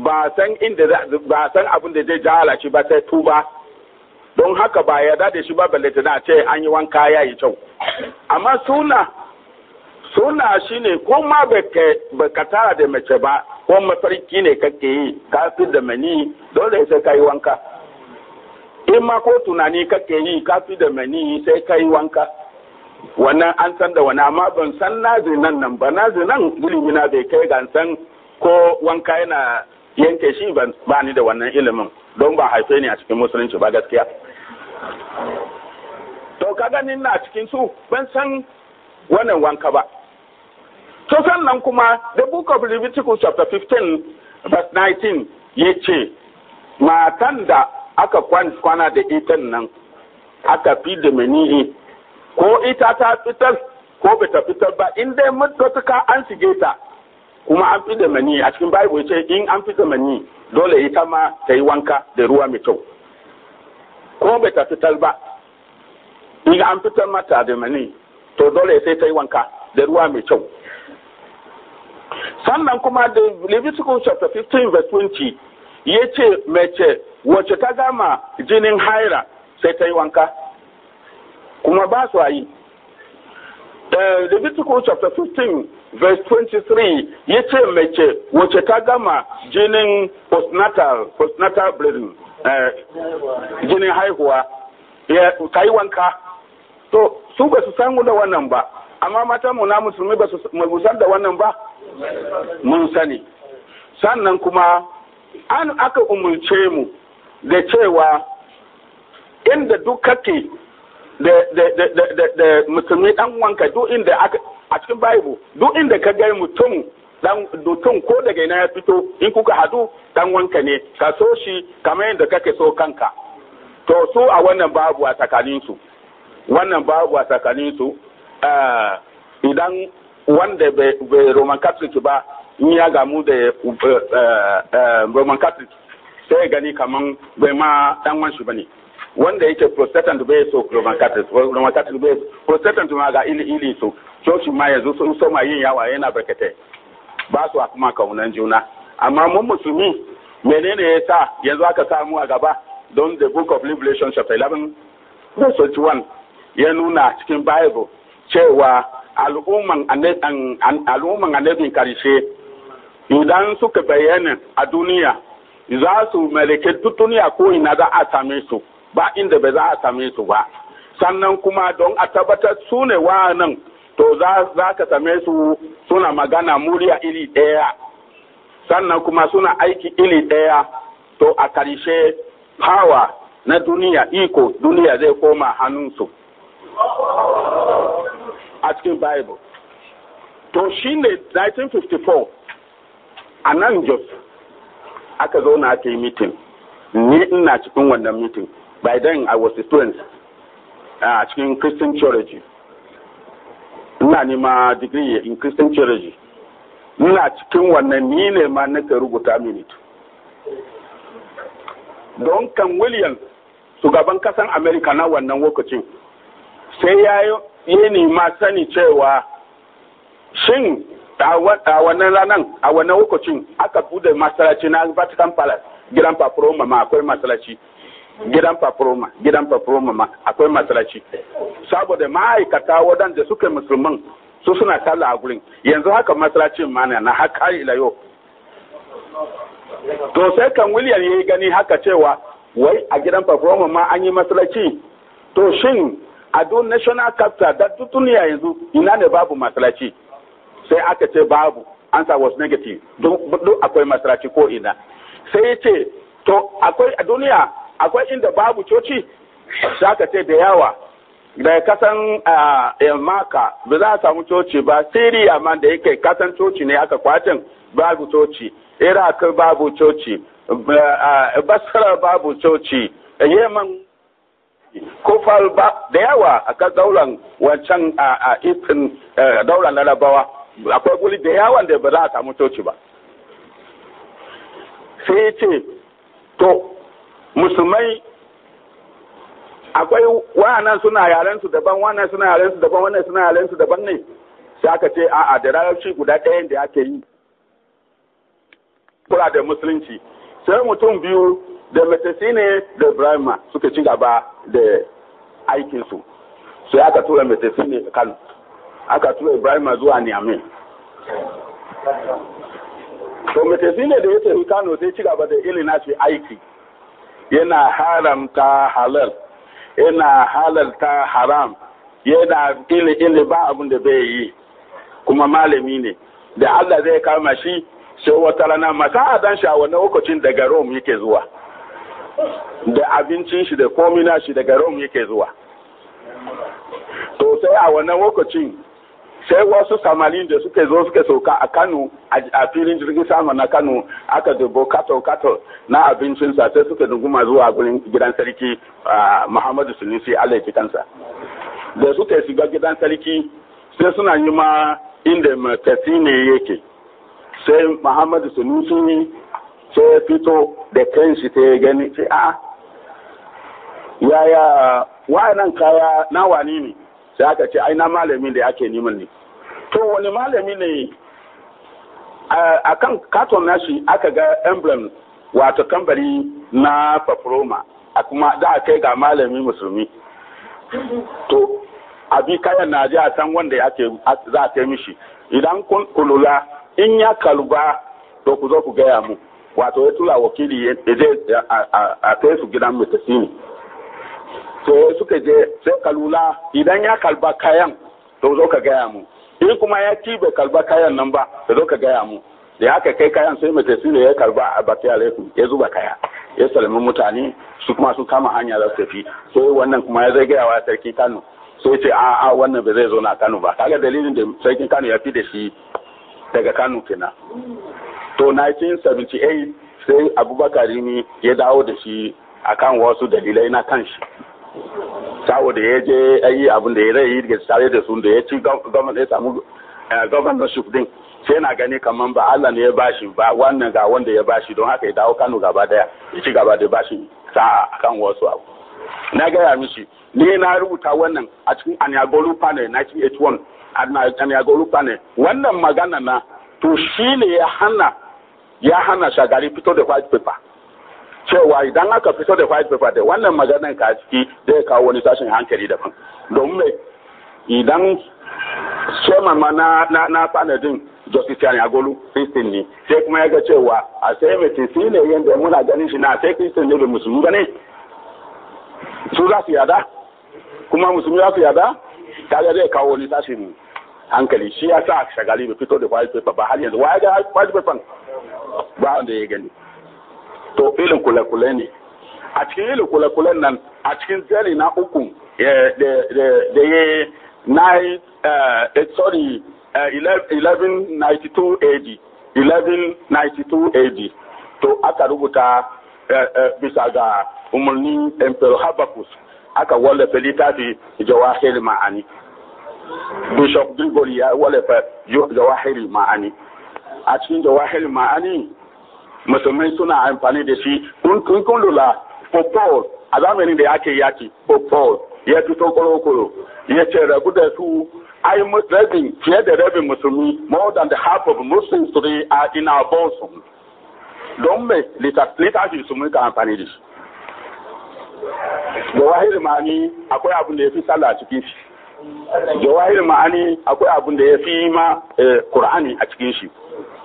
ba san inda ba san abin da zai jahala shi ba sai tuba don haka ba yarda da shi ba balle tana ce an yi wanka ya yi kyau amma suna suna shine ko ma ba ka tara da mace ba ko mafarki ne kake yi ka fi da mani dole sai ka yi wanka in ma ko tunani kake yi ka fi da mani sai ka yi wanka wannan an san da wani amma ban san nazinan nan ba nazinan na bai kai ga san ko wanka yana yanke shi ba ni da wannan ilimin don ba haife ni a cikin musulunci ba gaskiya to ka ganin na cikin su ban san wannan wanka ba to sannan kuma the book of Leviticus chapter 15 verse 19 ya ce matan da aka kwana da ita nan aka fi da mani. ko ita ta fitar ko bata fitar ba in dai mutuka an shige ta kuma an fi da mani a cikin bible ce in an fi da mani dole ita ma ta yi wanka da ruwa mai kyau ko bata fitar ba in an fitar mata da mani to dole sai ta yi wanka da ruwa mai kyau sannan kuma da Leviticus chapter 15 verse 20 ya ce mace wacce ta gama jinin haira sai ta yi wanka kuma ba su yi eh, Leviticus chapter 15 verse 23 ya ce mace wace ta gama jinin postnatal postnatal bleeding eh, jinin haihuwa ta yi wanka to su ba su san da wannan ba amma mata mu na musulmi ba su magusar da wannan ba mun sani sannan kuma an aka umulce mu da cewa inda duk kake da musulmi dan wanka duk inda a cikin bible duk inda ka ga mutum dan mutum ko daga ina ya fito in kuka hadu dan wanka ne ka so shi kamar yadda kake so kanka to su a wannan babu a tsakanin su wannan babu a tsakanin su eh, idan wanda bai roman catholic ba in ya gamu da eh, eh, roman catholic sai gani kamar bai ma dan wanshi wanda yake protestant bai so roman catholic roman catholic bai protestant ma ga ili ili so coci ma yanzu sun ma yin yawa yana barkatai ba su a kuma kaunan juna amma mun musulmi menene ya sa yanzu aka samu a gaba don the book of liberation chapter 11 verse 21 ya nuna cikin bible cewa al'umman annabin karshe idan suka bayyana a duniya za su mallake duk duniya ko ina za a same su ba inda ba za a same su ba sannan kuma don a tabbatar su ne to za ka same su suna magana murya iri ɗaya sannan kuma suna aiki iri ɗaya to a karishe hawa na duniya iko duniya zai koma hannunsu a cikin bible to shi ne 1954 a nan jos aka zo na ake yi mitin ni ina cikin wannan mitin by then i was a student uh, a cikin christian theology ina nema degree in christian theology ina cikin wannan ni ne ma nake rubuta minute don kan williams shugaban kasan america na wannan lokacin sai ya yi ma sani cewa shin a wannan ranar a wannan lokacin aka bude masalaci na vatican palace gidan papuro mama akwai masalaci gidan paproma gidan paproma ma akwai masalaci saboda ma'aikata waɗanda suke musulman su suna kala a gurin yanzu haka masalacin ma na haka ila yau to sai kan william ya gani haka cewa wai a gidan paproma ma an yi masalaci to shin a don national capital da duniya yanzu ina ne babu masalaci sai aka ce babu answer was negative duk akwai masalaci ko ina sai ya ce to akwai a duniya akwai inda babu coci za ce da yawa da kasan maka ba za a samu coci ba siriya ma da yake kasan coci ne aka kwatin babu coci iraq babu coci basra babu coci yemen kofar ba da yawa a kan daular wancan a itin daular larabawa akwai guli da yawa da ba za a samu coci ba sai ce to musulmai akwai wa'annan suna yaren su daban wannan suna yaren su daban wannan suna yaren su daban ne sai aka ce a da larabci guda ɗaya da ake yi kula da musulunci sai mutum biyu da metasine da ibrahima suka ci gaba da aikinsu sai aka tura metasine kan aka tura ibrahima zuwa niamey to metasine da ya tafi kano sai ci gaba da ilina shi aiki yana haramta halal yana halalta haram yana ili ili ba abin da bai yi kuma malami ne da Allah zai kama shi sai wata rana mata a shi a wani lokacin daga Rome yake zuwa da abincin shi da komina shi daga Rome yake zuwa to sai a wani lokacin sai wasu samarin da suka zo suka sauka a kano a filin jirgin sama na kano aka dubo kato kato na abincinsa sai suka dunguma zuwa gurin gidan sarki muhammadu sunusi alaiki kansa da suka shiga gidan sarki sai suna yi ma inda matasi ne yake sai muhammadu sunusi sai fito da kanshi ta gani sai a yaya wa'annan kaya na wani ne sai aka ce aina malami da ake neman ne to wani malami ne a kan katon nashi aka ga emblem wato kambari na paproma a kuma da a kai ga malami musulmi to abi kayan na ji a san wanda za a kai mishi idan kun kulula in ya kaluba to ku zo ku gaya mu wato ya tula wakili ya a kai su gidan mai tasiri to suka je sai kalula idan ya kalba kayan to zo ka gaya mu in kuma ya ci bai kalba kayan nan ba to zo ka gaya mu da haka kai kayan sai mace tasiri ya karba a baki alaikum ya zuba kaya ya salmi mutane su kuma sun kama hanya za su tafi so wannan kuma ya zai gayawa sarki kano so ya ce a a wannan ba zai zo na kano ba kaga dalilin da sarkin kano ya fi da shi daga kano kenan to 1978 sai abubakar ya dawo da shi akan wasu dalilai na kanshi saboda ya eh, je eh, yi abin da ya rai da tare da su da ya ci gwamnati ya samu eh, governorship din sai na gani kamar ba Allah ne ya bashi ba wannan ga wanda ya bashi don haka ya dawo Kano gaba daya ya ci gaba da bashi sa akan wasu abu na gaya mishi ni na rubuta wannan a cikin Anyagolu panel 1981 Anyagolu panel wannan magana na to shi ne ya hana ya hana shagari fito da white paper cewa idan aka fito da white paper da wannan maganar ka ciki zai kawo wani tashin hankali daban domin mai idan chairman ma na na na din justice yani agolu christian ne sai kuma ya ga cewa a sai mai ne yadda muna ganin shi na sai christian ne da musulmi ba ne su za su yada kuma musulmi za su yada kaga zai kawo wani tashin hankali shi ya sa shagali bai fito da white paper ba har yanzu wa ya ga white paper ba wanda ya gani to ilin kula-kula ne a cikin ilin kula nan a cikin jari na uku eh, da ya na eh, eh, sorry 1192 AD 1192 AD to aka rubuta bisa ga umarnin Emperor Habakkuk aka wallafa littafi jawahiri ma'ani Bishop Gregory ya wallafa jawahiri ma'ani a cikin jawahiri ma'ani musulmai suna amfani da shi kun kun lula popol a zamanin da ake yaki popol ya fito koro ya ce rabu da su ai rabin fiye da rabin musulmi more than the half of muslims today are in our bosom don me littafi su mun amfani da shi da wahiri ni akwai abin da ya fi sallah cikin shi jawahir ma'ani akwai abin da ya fi ma eh, Qur'ani a cikin shi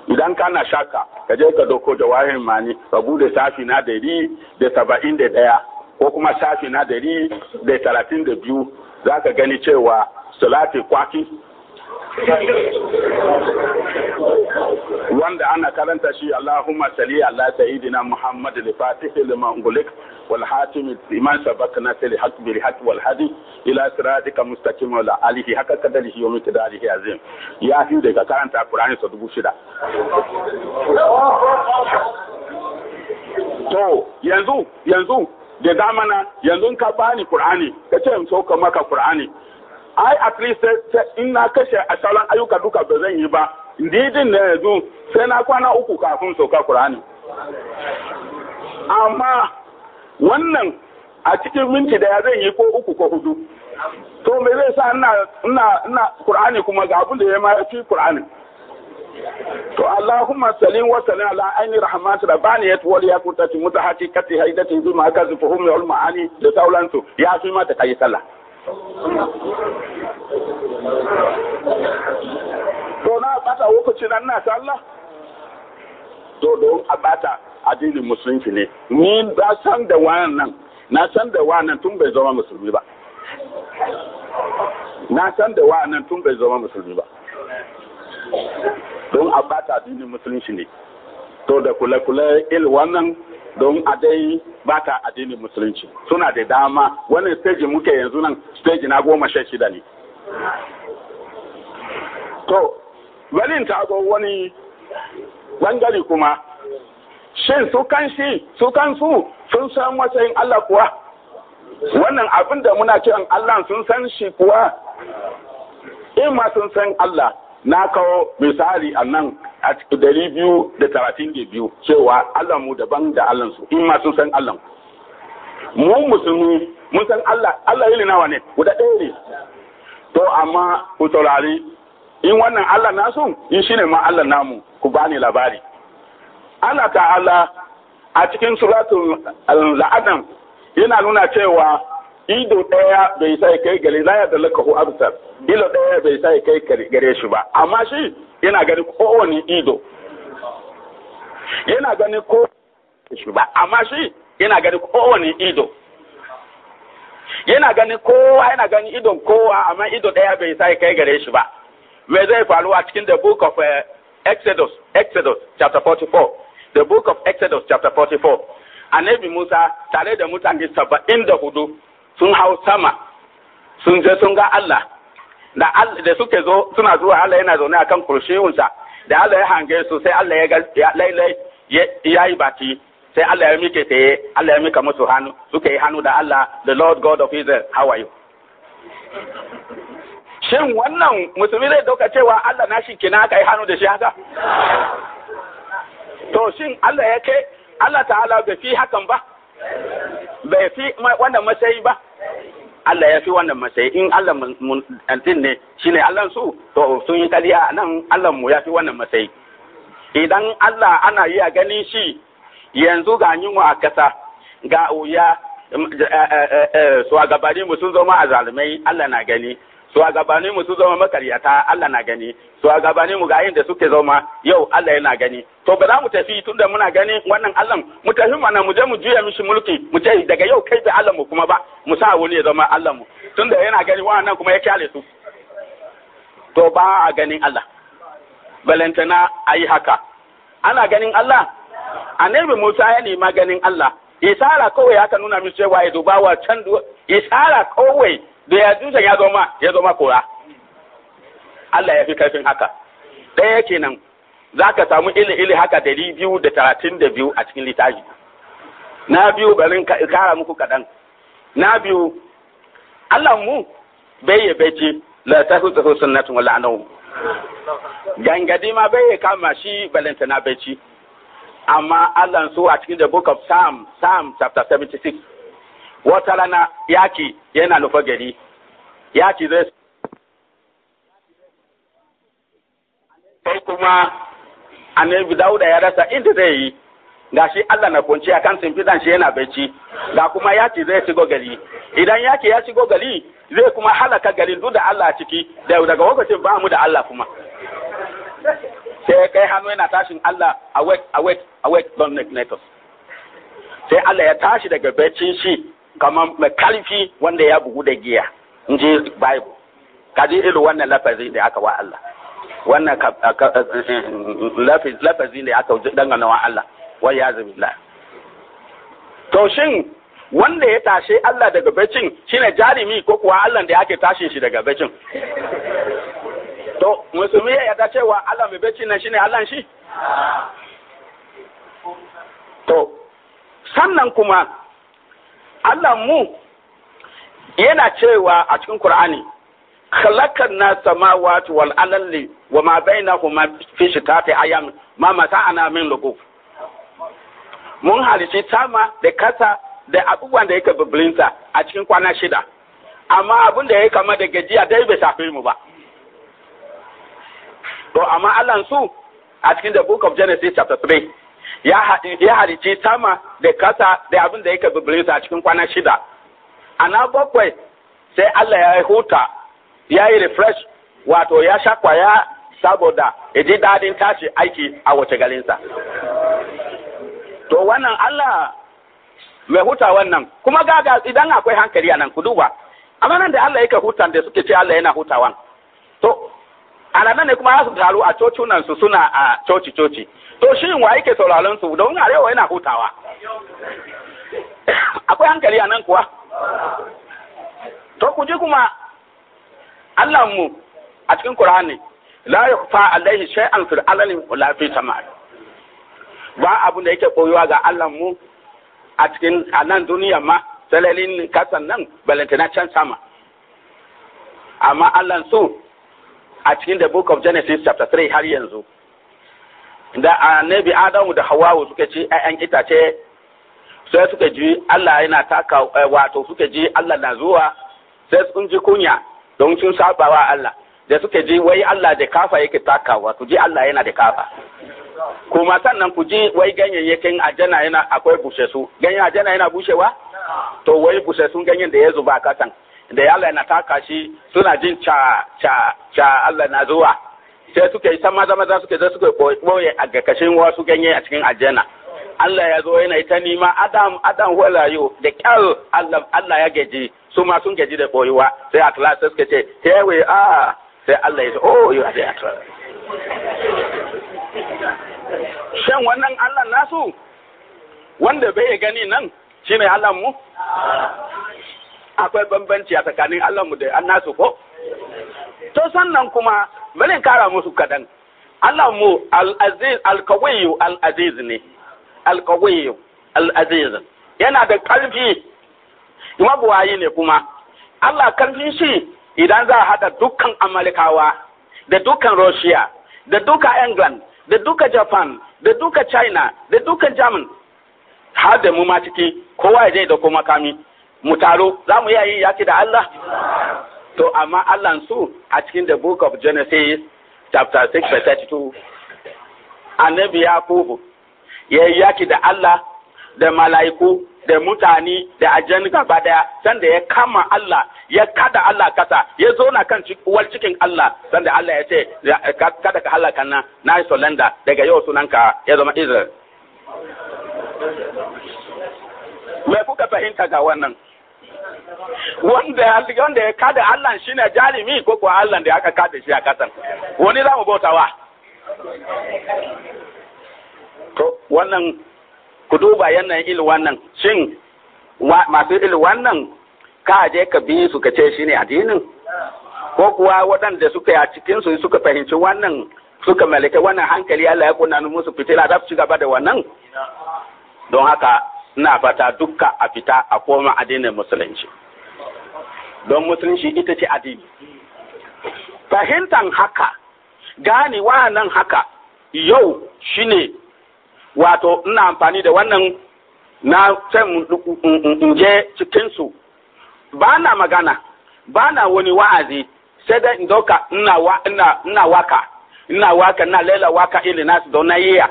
idan kana shaka ka je ka doko jawahir ma'ani ka bude safi na dari da saba'in da ɗaya ko kuma safi na dari da talatin da biyu za ka gani cewa salati kwaki wanda ana karanta shi Allahumma salli ala sayyidina Muhammad al-Fatih lima ungulik wal hatim liman sabaqna fil haqq bil haqq wal hadi ila siratika mustaqim wal alihi haka kadalihi yawmi kadalihi azim ya fi daga karanta Qur'ani sa dubu shida to yanzu yanzu da dama na yanzu ka bani Qur'ani kace in so maka Qur'ani ai at least in na kashe a ayyuka duka ba zan yi ba didin na yanzu sai na kwana uku kafin sauka kur'ani amma wannan a cikin minti da ya zan yi ko uku ko hudu to me zai sa ina ina ina Qur'ani kuma ga abin da ya ma fi Qur'ani to Allahumma salli wa sallim ala aini rahmat rabbani yat wal yakutati mutahaqiqati haidati zuma kazifuhum al ani da sauransu ya fi mata kai sallah to na bata lokaci nan na Allah? to don a bata addinin musulunci ne ni ba san da wannan na san da wannan tun bai zama musulmi ba na san da wannan tun bai zama musulmi ba don a bata addinin musulunci ne to da kula-kula il wannan don a dai ba ta addinin musulunci suna da dama wannan stage muke yanzu nan stage na goma sha shida ne to balin ta zo wani bangare kuma shin su kan shi su kan su sun san matsayin Allah kuwa wannan abin da muna kiran Allah sun san shi kuwa in ma sun san Allah na kawo misali a nan a dari biyu da talatin da biyu cewa Allahnmu daban da Allahnsu in ma sun san Allah Mu musulmi mun san Allah, Allah yi nawa ne, guda ɗaya ne. To amma ku taurari, in wannan Allah nasu in shine ma Allah namu ku bani labari. Allah Allah a cikin suratun la'adan yana nuna cewa ido ɗaya bai sai kai gare la ya dalaka hu absar ido ɗaya bai sai kai gare shi ba amma shi yana ganin kowane ido yana gani ko shi ba amma shi yana ganin kowane ido yana ganin kowa yana gani idon kowa amma ido daya bai sai kai gare shi ba me zai faru a cikin the book of uh, Exodus Exodus chapter 44 the book of Exodus chapter 44 annabi Musa tare da mutane saba'in da hudu sun hau sama sun je sun ga Allah da da suke zo suna zuwa Allah yana zaune akan kurshiyunsa da Allah ya hange su sai Allah ya ga lailai ya yi baki sai Allah ya mike tsaye Allah ya mika musu hannu suke yi hannu da Allah the Lord God of Israel how are you shin wannan musulmi zai dauka cewa Allah na shi kina aka yi hannu da shi haka to shin Allah ya kai Allah ta'ala bai fi hakan ba bai fi wannan masayi ba Allah ya fi wannan masai in Allah mun ne shine Allah su to sun yi kariya nan Allah mu ya fi wannan masai idan Allah ana yi a gani shi yanzu ga yunwa a kasa ga uya eh, eh, eh, su a gabani mu sun zama a zalumai Allah na gani su a gabanin mu su zama makaryata Allah na gani su a gabanin mu ga da suke zama yau Allah yana gani to ba za mu tafi tunda muna gani wannan Allah mu tafi mana mu je mu juya mishi mulki mu ce daga yau kai da Allah mu kuma ba mu sa wani ya zama Allah mu tunda yana gani wannan kuma ya kyale su to ba a ganin Allah balantana ayi haka ana ganin Allah annabi Musa ya nema ganin Allah isara kawai aka nuna mishi cewa ya duba wa can isara kawai da ya jujan ya zoma ya kora Allah ya fi karfin haka ɗaya kenan za ka samu ili ili haka dari biyu da talatin da biyu a cikin litaji. na biyu barin kara muku kaɗan na biyu Allah mu bai ya bai ce la ta hutu sunnatun wala anawu gangadi ma bai ya kama shi balanta na bai ci amma Allah su a cikin da book of Psalm Psalm chapter 76 wata rana yaki yana nufa gari yaki zai sai kuma annabi dauda ya rasa inda zai yi ga shi Allah na kunci akan simfidan shi yana bacci ga kuma yaki zai shigo gari idan yaki ya shigo gari zai kuma halaka garin duk da Allah ciki da daga lokacin ba mu da Allah kuma sai kai hannu yana tashin Allah awake awake awake don necklace sai Allah ya tashi daga baccin shi kamar mai karfi wanda ya bugu da giya in je bible kaji irin wannan lafazi da aka wa Allah wannan lafazi da aka eh, eh, eh, dangana wa Allah wa ya zubila to shin wanda ya tashe Allah daga bacin shine jarimi ko kuwa Allah da yake tashin shi daga bacin to musulmi ya yarda cewa Allah mai bacin nan shine Allah shi to sannan kuma Allah mu yana cewa a cikin kur'ani khalaqan na samawati wal alalli wa ma bainahuma fi ta ayyam ma ana min lugub mun halici tama da kasa da abubuwan da yake biblinsa a cikin kwana shida amma abin da ya kama da gajiya dai bai shafe mu ba to amma Allah su a cikin the book of Genesis chapter 3 ya halici sama da kasa da abin da yake bibirinsa a cikin kwana shida a na bakwai sai Allah ya huta ya yi refresh wato ya sha kwaya saboda ya ji dadin tashi aiki a wace garinsa to wannan Allah mai huta wannan kuma gaga idan akwai hankali a nan ku duba amma nan da Allah yake hutan da suke ce Allah yana hutawan to a ne kuma za su taru a cocunan su suna a coci coci to shin wa yake sauraron su Don arewa yana hutawa akwai hankali a nan kuwa to ku ji kuma Allah mu a cikin Kur'ani la yukhfa alaihi shay'an fil alalin wala fi samai ba abu da yake koyuwa ga Allah mu a cikin a nan duniya ma salalin kasan nan balantana can sama amma Allah su a cikin the book of Genesis chapter 3 har yanzu da annabi Adamu da Hawwa suka ce ayan itace sai suka ji Allah yana taka eh, wato suka ji Allah na zuwa sai sun ji kunya don sun saba wa Allah da suka ji wai Allah da kafa yake taka wato ji Allah yana da kafa kuma sannan ku ji wai ganyayyakin ajana yana akwai bushe su ganyen ajana yana bushewa to wai bushe sun ganyen da ya zuba kasan da Allah yana taka shi suna jin cha cha cha Allah na zuwa sai suka yi ta maza maza suka zai suka ɓoye a gakashin wasu ganye a cikin aljanna Allah ya zo yana ita nima Adam Adam walayo da kyar Allah Allah ya gaji su ma sun gaji da ɓoyewa sai a class suka ce tewe a sai Allah ya ce oh you are there shan wannan Allah nasu wanda bai gani nan shine Allah mu akwai bambanci a tsakanin Allah mu da an ko to sannan kuma bari kara musu kaɗan Allah mu al-aziz al-kawiyyu al-aziz ne al al-aziz yana da ƙarfi mabuwayi ne kuma Allah karfi shi idan za a haɗa dukkan Amalikawa da dukkan Russia da duka England da duka Japan da duka China da duka German har da mu ma ciki kowa ya je da kuma kami, mu taro za mu iya yi yaki da Allah to amma Allah su a cikin the book of Genesis chapter 6 verse 32 annabi ya yi yaki da Allah da mala'iku da mutane da ajiyar gaba daya sanda ya kama Allah ya kada Allah kasa ya zo na kan uwar cikin Allah sanda Allah ya ce kada ka Allah kanna, na yi solanda daga yau sunanka ya zama Israel. Me kuka fahimta ga wannan? wanda wanda ya kada Allah shi ne jarimi ko kuwa Allah da aka kada shi a kasan wani za mu wa to wannan ku duba yanayin il wannan shin masu il wannan ka je ka bi su ce shi ne addinin ko kuwa waɗanda suka ya cikin suka fahimci wannan suka malaka wannan hankali Allah ya kunna musu fitila za su ci gaba da wannan don haka na bata duka a fita a koma addinin musulunci don musulunci ita ce addini fahimtan haka gane nan haka yau shine wato ina amfani da wannan na san cikin cikinsu ba na magana ba na wani wa'azi sai dai in doka ina waka ina waka ina lela waka ili nasu don na yiya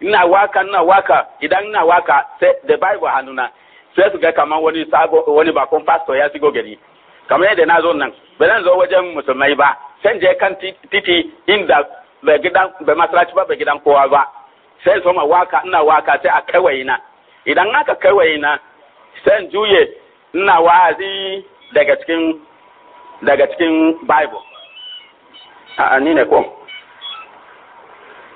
ina waka nna waka idan ina waka sai the bible hannuna sai su ga kaman wani sago wani bakon pastor ya sigo gari kamar yadda na zo nan ba zan zo wajen musulmai ba san je kan titi inda bai gidan bai masalaci ba bai gidan kowa ba sai su ma waka ina waka sai a kaiwaye na idan aka kaiwaye na sai juye ina wazi daga cikin daga cikin bible a'a ni ne ko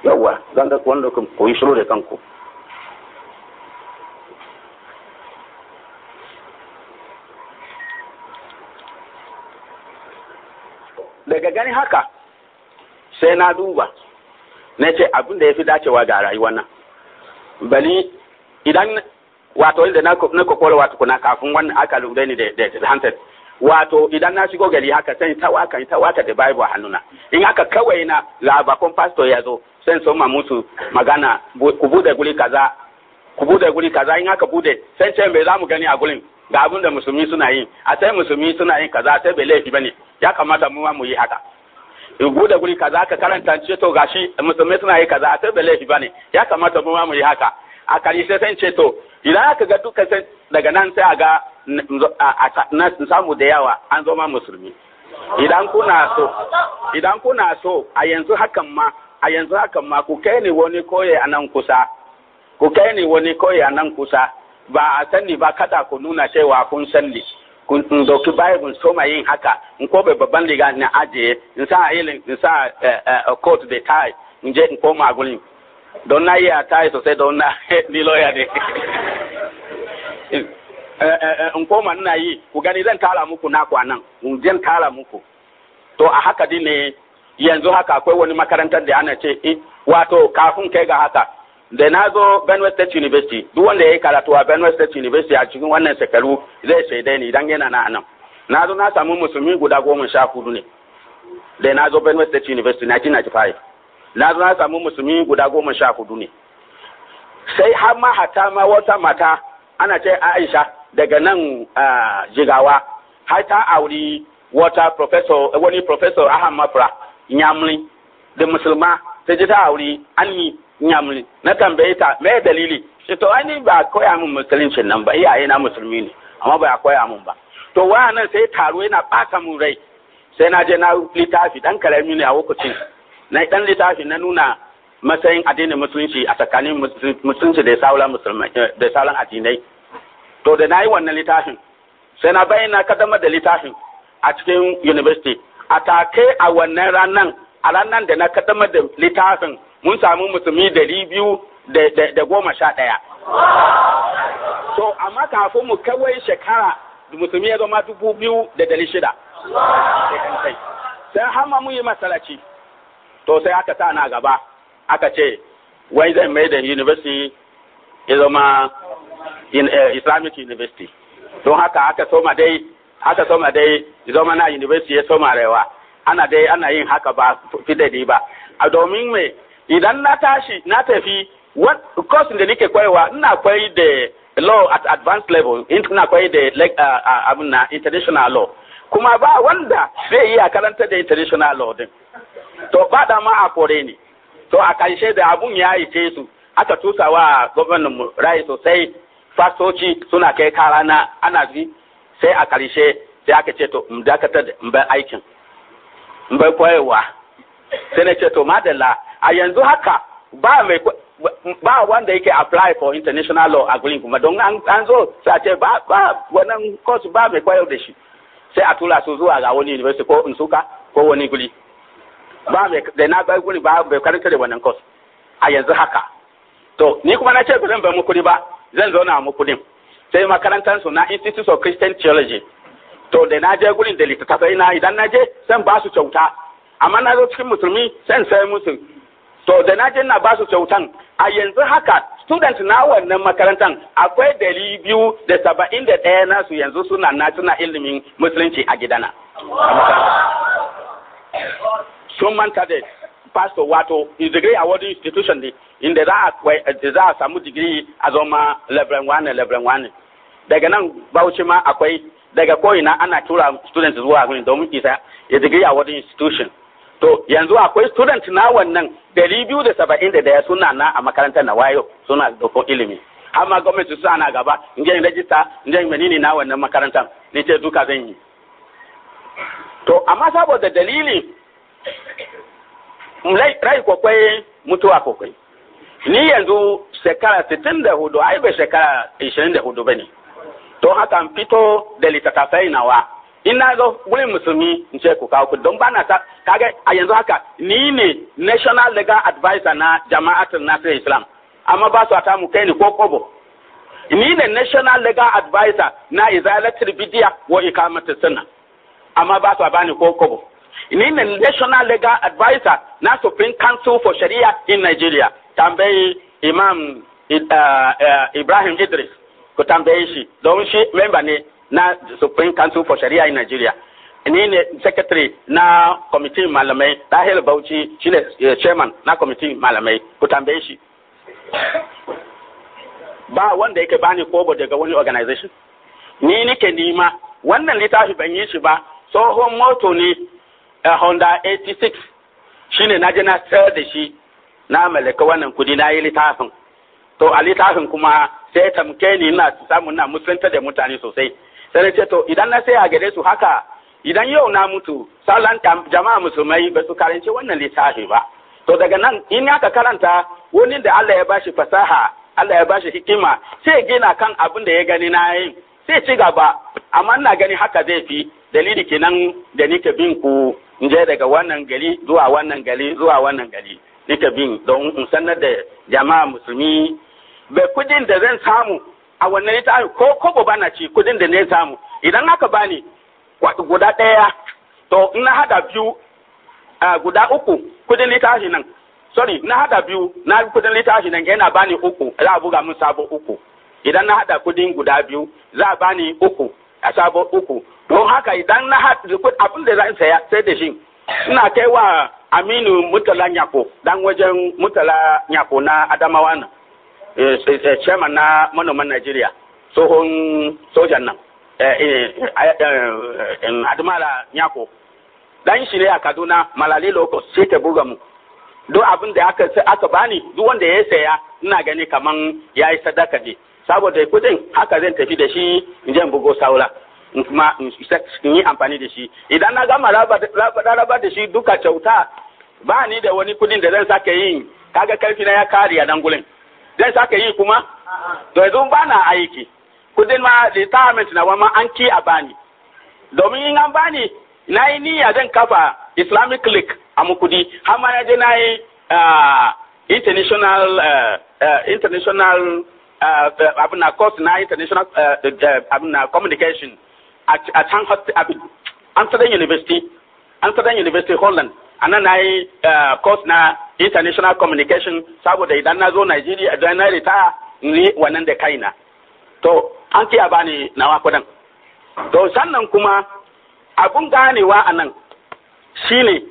yawa zan ga wanda kan koyi shiru da kanku daga gani haka sai na duba na ce abin da ya fi dacewa ga rayuwar nan bali idan wato da na kwakwalwa tukuna kafin wannan aka lura ni da hantar wato idan na shigo gari haka sai ta waka ta waka da bible hannuna in haka kawai na labakon pastor ya zo sai ma musu magana ku bude guri kaza ku bude guri kaza in haka bude sai ce me za mu gani a gurin ga abin da musulmi suna yi a sai musulmi suna yin kaza sai bai laifi bane ya kamata mu ma mu yi haka in bude guri kaza ka karanta ce to gashi musulmi suna yi kaza sai bai laifi bane ya kamata mu ma mu yi haka a karshe sai ce to idan aka ga duka sai daga nan sai a ga a samu da yawa an zoma musulmi idan kuna so idan kuna so a yanzu hakan ma a yanzu hakan ma ku kai ni wani koye a nan kusa ku kai ni wani koye a nan kusa ba a sani ba kada ku nuna cewa kun sani kun doki bible soma yin haka in bai babban liga na ajiye in sa ilin in sa eh, eh, court da tie in je in koma gulin don na yi a tayi sosai don na ni lawyer ne eh, in eh, eh, koma ina yi ku gani zan tara muku na kwanan in zan tara muku to a haka ne yanzu haka akwai wani makarantar da ana ce wato kafin kai ga haka da na zo Benue State University duk wanda ya yi karatu a Benue State University a cikin wannan shekaru zai shaida ni idan yana na nan na zo na samu musulmi guda goma sha hudu ne da na zo Benue State University 1995 na za samu musulmi guda goma sha hudu ne sai har ma hata ma wata mata ana ce aisha daga nan jigawa har ta auri wata professor wani professor ahmad mafra nyamli da musulma ta ji ta auri anni nyamli na tambaye ta mai dalili shi to ai ba koya min musulunci nan ba iyaye na musulmi ne amma ba koya mun ba to nan sai taro yana bata mun rai sai na je na littafi dan karami ne a lokacin na dan littafi na nuna matsayin addinin musulunci a tsakanin musulunci da sauran musulmai eh, da sauran addinai to da nayi wannan littafin sai na bayyana kadamar da littafin a cikin university a take a wannan ranan a ranar da na kadamar da littafin mun samu musulmi dari biyu da goma sha ɗaya. To, amma kafin mu kawai shekara musulmi ya zama dubu biyu da dari shida. Sai hama mu yi masalaci. to sai aka sa na gaba aka ce wai zai mai da university ya zama in, uh, islamic university don haka aka soma dai aka soma dai zama na university ya soma rewa ana dai ana yin haka ba fidadi ba a domin me idan na tashi na tafi what course da nake koyewa ina koyi da law at advanced level ina koyi da abin na international law kuma ba wanda zai a karanta da international law din to ba ma a kore ne to a ƙarshe da abun ya ishe su aka tusa wa gwamnan rai sosai fastoci suna kai kara na ana bi sai a ƙarshe sai aka ce to in dakatar in bar aikin in bar koyarwa sai na ce to madalla a yanzu haka ba mai ba wanda yake apply for international law agreeing kuma don an zo sai a ce ba ba wannan course ba mai koyar da shi sai a tura su zuwa ga wani university ko nsuka ko wani guri ba mai da na ba guri ba bai karanta da wannan kwas a yanzu haka to ni kuma na ce ba zan bar muku ba zan zauna a muku sai makarantar su na Institute of Christian Theology to da na je gurin da littattafai na idan na je san ba su kyauta amma na zo cikin musulmi san sai musu to da na je na ba su kyautan a yanzu haka student na wannan makarantar akwai dari biyu da saba'in da ɗaya nasu yanzu suna na suna ilimin musulunci a gidana. sun manta da pastor wato degree award institution ne inda eh, za a samu digiri a zama level one level one daga nan bauchi ma akwai daga ko'ina ana tura students zuwa gurin domin isa ya degree award institution to yanzu akwai student na wannan dari biyu da saba'in da daya suna na a makarantar na wayo suna dokon ilimi amma gwamnati su ana gaba in je in rajista in je menene na wannan makarantar ni ce duka zan yi to amma saboda dalilin rai kwakwai mutuwa kwakwai ni yanzu shekara 64 ai bai sekara 24 bane to haka in fito da littattafai nawa in na zo wurin musulmi in kuka ku kawo na ta kage a yanzu haka ni ne national legal advisor na Jama'at na nasir islam amma basu ata a mu kai ni kobo ni national legal advisor na izalatul bidiya wa ikamatul sunna amma ba su a kobo ni ne national legal adviser na supreme council for sharia in nigeria tambayi imam eh, eh, ibrahim idris ku tambaye shi don shi member ne na supreme council for sharia in nigeria ni ne secretary na committee malamai dahil bauchi ne eh, chairman na committee malamai ku tambaye shi ba wanda yake bani kobo daga wani organization ni nike nima wannan littafi ban yi shi ba tsohon moto ne Honda 86 shine na je na sayar da shi na mallaka wannan kudi na yi littafin. To a littafin kuma sai tamke ni ina samu na musanta da mutane sosai. Sai na ce to idan na sai a gare su haka idan yau na mutu salan jama'a musulmai ba su karanci wannan littafi ba. To daga nan in aka karanta wani da Allah ya bashi fasaha Allah ya bashi hikima sai gina kan abin da ya gani na yin sai ci gaba amma ina gani haka zai fi dalili kenan da nike bin ku in je daga wannan gari zuwa wannan gari zuwa wannan gari nika bin don in sanar da jama'a musulmi bai kudin da zan samu a wannan ita ko ba na ci kudin da ne samu idan aka bani guda ɗaya to na hada biyu guda uku kudin littafi nan sorry na hada biyu na kudin littafi nan yana bani uku za a buga min sabo uku idan na hada kudin guda biyu za a bani uku a sabon uku don haka idan na haɗu abin da zan saya sai da shi ina kai wa aminu mutala nyako dan wajen mutala nyako na adamawa na eh, eh, chairman na manoman najeriya tsohon sojan nan eh, adamala nyako dan shi ne a kaduna malali locust sai ta buga mu duk abin da aka bani duk wanda ya saya ina gani kaman ya yi sadaka ne saboda kudin haka zan tafi da shi in je bugo saura in kuma in yi amfani da shi idan na gama raba da shi duka kyauta ba ni da wani kudin da zan sake yi kaga karfi na ya kare a nan zan sake yi kuma to yanzu ba na aiki kudin ma retirement na wama an ki a bani domin in an bani na yi niyya zan kafa islamic league a mukudi har ma na je na yi ah, international eh, eh, Uh, uh, abin na course na international uh, abin communication a can Amsterdam University Amsterdam University Holland a nan na yi course na international communication saboda idan na zo Nigeria idan na retire ni wannan da kaina to an kiya ni nawa kudan to sannan kuma abun ganewa a nan shine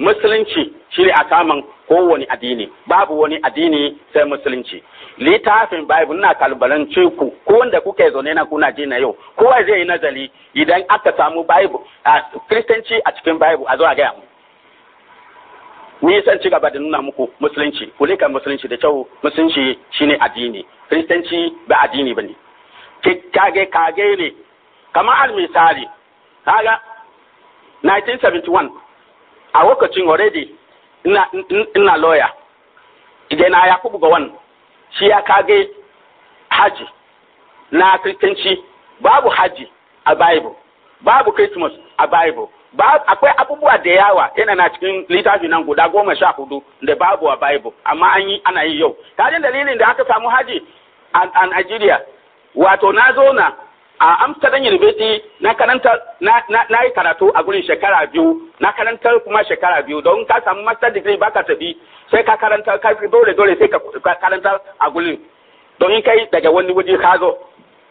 musulunci shine a saman kowane addini babu wani addini sai musulunci littafin bible ina kalbalance ku ko wanda kuke zaune na kuna ji na yau kowa zai yi nazari idan aka samu bible a kristanci a cikin bible a zo a gaya mu ni san ci gaba da nuna muku musulunci ku leka musulunci da kyau musulunci shine addini kristanci ba addini bane ke kage kage ne kamar al misali kaga 1971 a lokacin already ina ina lawyer idan na yakubu ga wannan shi ya kage haji na kristanci babu haji a bible babu christmas a bible babu akwai abubuwa da yawa yana na cikin littafi nan guda goma sha hudu da babu a bible amma an yi ana yi yau kajin dalilin da aka samu haji a nigeria wato na zo na a Amsterdam University na karanta na yi karatu a gurin shekara biyu na karanta kuma shekara biyu don ka samu master degree baka tafi sai ka karanta ka dole dole sai ka karanta a gurin don in kai daga wani waje ka zo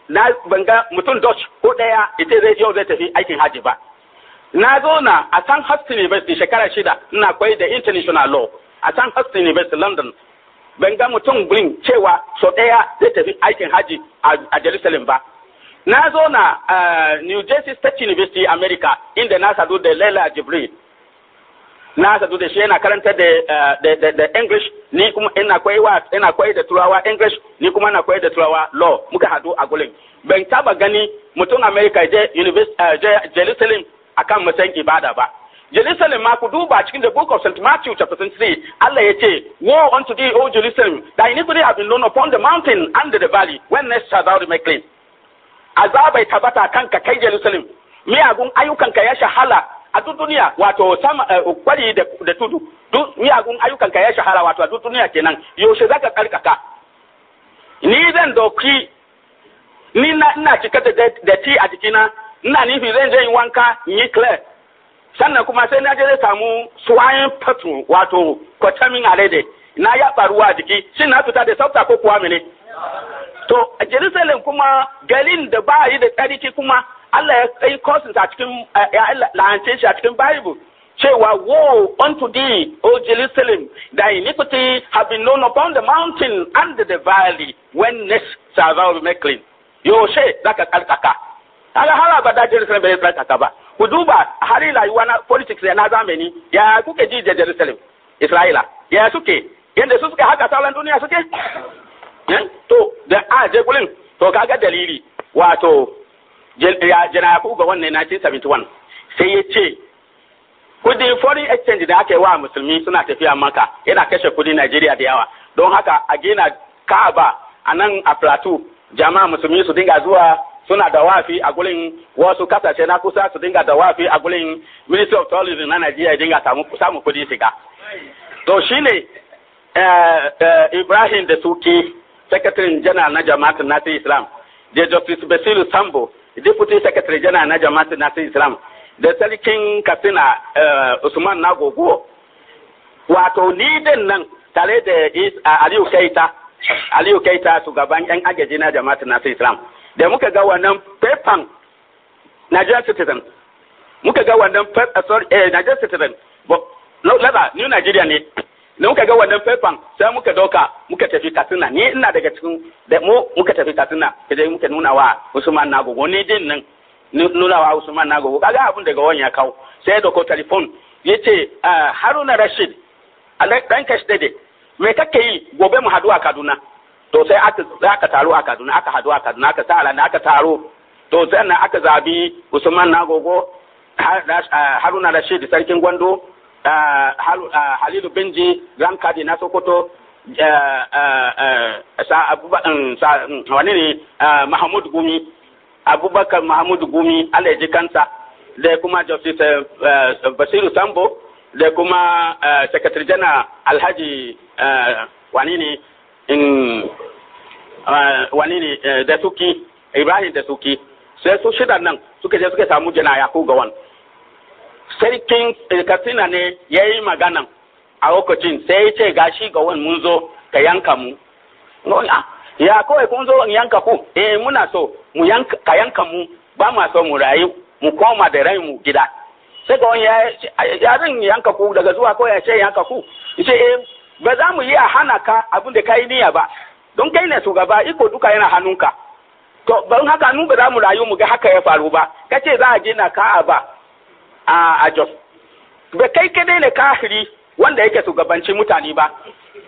na banga mutum Dutch ko daya ita zai zai tafi aikin haji ba na zo na a San Huston University shekara shida ina koyi da international law a San Huston University London banga mutum gurin cewa so ɗaya zai tafi aikin haji a Jerusalem ba na na eh, new jersey state university america inda na sadu da laila jibril na sadu da shi yana karanta da english ni kuma ina koyi wa ina koyi da turawa english ni kuma ina koyi da turawa law muka hadu a gurin ban taba gani mutum america je university eh, jerusalem akan matsayin ibada ba Jerusalem ma ku duba cikin the book of St. Matthew chapter 23, Allah ya ce, Woe unto thee, O Jerusalem, thy iniquity have been known upon the mountain under the valley, when next shall thou be clean. azabai tabata kanka kai Jerusalem miyagun ayyukanka ya shahala a duk duniya wato sama eh, kwari da tudu duk miyagun ayyukanka ya shahala wato a duk duniya kenan yaushe zaka karkaka ni zan doki ni na ina cika da ti a jikina ina nufi zan je wanka in yi clear sannan kuma sai na je samu swayin fatu wato kwatamin alade na ya ruwa a jiki shin na fita da tsafta ko kuwa mene to Jerusalem kuma galin da ba yi da tsarki kuma Allah ya kai kosin a cikin eh, ya la'ance shi a cikin Bible cewa woe unto thee O Jerusalem thy iniquity have been known upon the mountain and the valley when next shall thou be clean yaushe zaka tsarkaka kaga har abada Jerusalem bai tsarkaka ba ku duba har rayuwa na politics na zamani ya kuke ji Jerusalem Isra'ila ya suke yadda su suka haka sauran duniya suke eh, to da a je gurin to kaga dalili wato ku ga wannan 1971 sai ya ce kudi foreign exchange da aka yi wa musulmi suna tafiya maka yana kashe kudi Najeriya da yawa don haka a gina Ka'aba a nan a Plateau jama'a musulmi su dinga zuwa suna da wafi a gulin wasu kasashe na kusa su dinga da wafi a gulin Ministry of Tourism na Najeriya dinga samu kudi shiga to shine Eh, eh, Ibrahim da suke Sakataren jana na Jama'atin Nasir Islam, da Justice Basiru Sambo, Deputy Secretary jana na Jama'atin Nasir Islam, da Sarkin Katsina eh, Usman Nagogo. Wato, ni din nan tare da Aliyu Keita, Aliyu Keita shugaban 'yan agaji na Jama'atin Nasir Islam. Da muka ga wannan faifan Nigerian citizen, muka ga wannan Nigerian citizen, lada New Nigeria ne, da muka ga wannan faifan sai muka dauka muka tafi katsina ni ina daga cikin da mu muka tafi katsina kaje muka nuna wa Usman Nagogo ni din nan nuna wa Usman Nagogo kaga abun daga wani ya kawo sai da ko telefon yace ah, Haruna Rashid dan kashi de me kake yi gobe mu hadu a Kaduna to sai aka aka taro a Kaduna aka hadu a Kaduna aka tsara na aka taro to sannan aka zabi Usman Nagogo ah, Haruna Rashid sarkin Gwando Ah, ah, halilu benji gran kadi na sokoto eh, eh, eh, sa mm, mm, wani ne ah, mahamud gumi abubakar mahamud gumi allah ji kansa da kuma justice basiru sambo da kuma secretary general alhaji wani ne wani ne da suki ibrahim da suki sai su shida nan suke je suka samu jana yakubu gawan sarkin eh, katsina ne ya yi magana a lokacin sai ya ce gashi ga wani mun zo ka yanka mu ah, ya kawai kun zo in yanka ku eh muna so mu yanka ka yanka mu ba ma so mu rayu mu koma da rai mu gida sai ga wani ya zan yanka ku daga zuwa ko ya ce yanka ku ce eh ba za mu yi a hana ka abin da kai niyya ba don kai ne shugaba iko duka yana hannunka to ban haka nu ba za mu rayu mu ga haka ya faru ba kace za a gina ka'a ba a a Jos. Ba kai kaɗai ne kahiri wanda yake shugabanci mutane ba.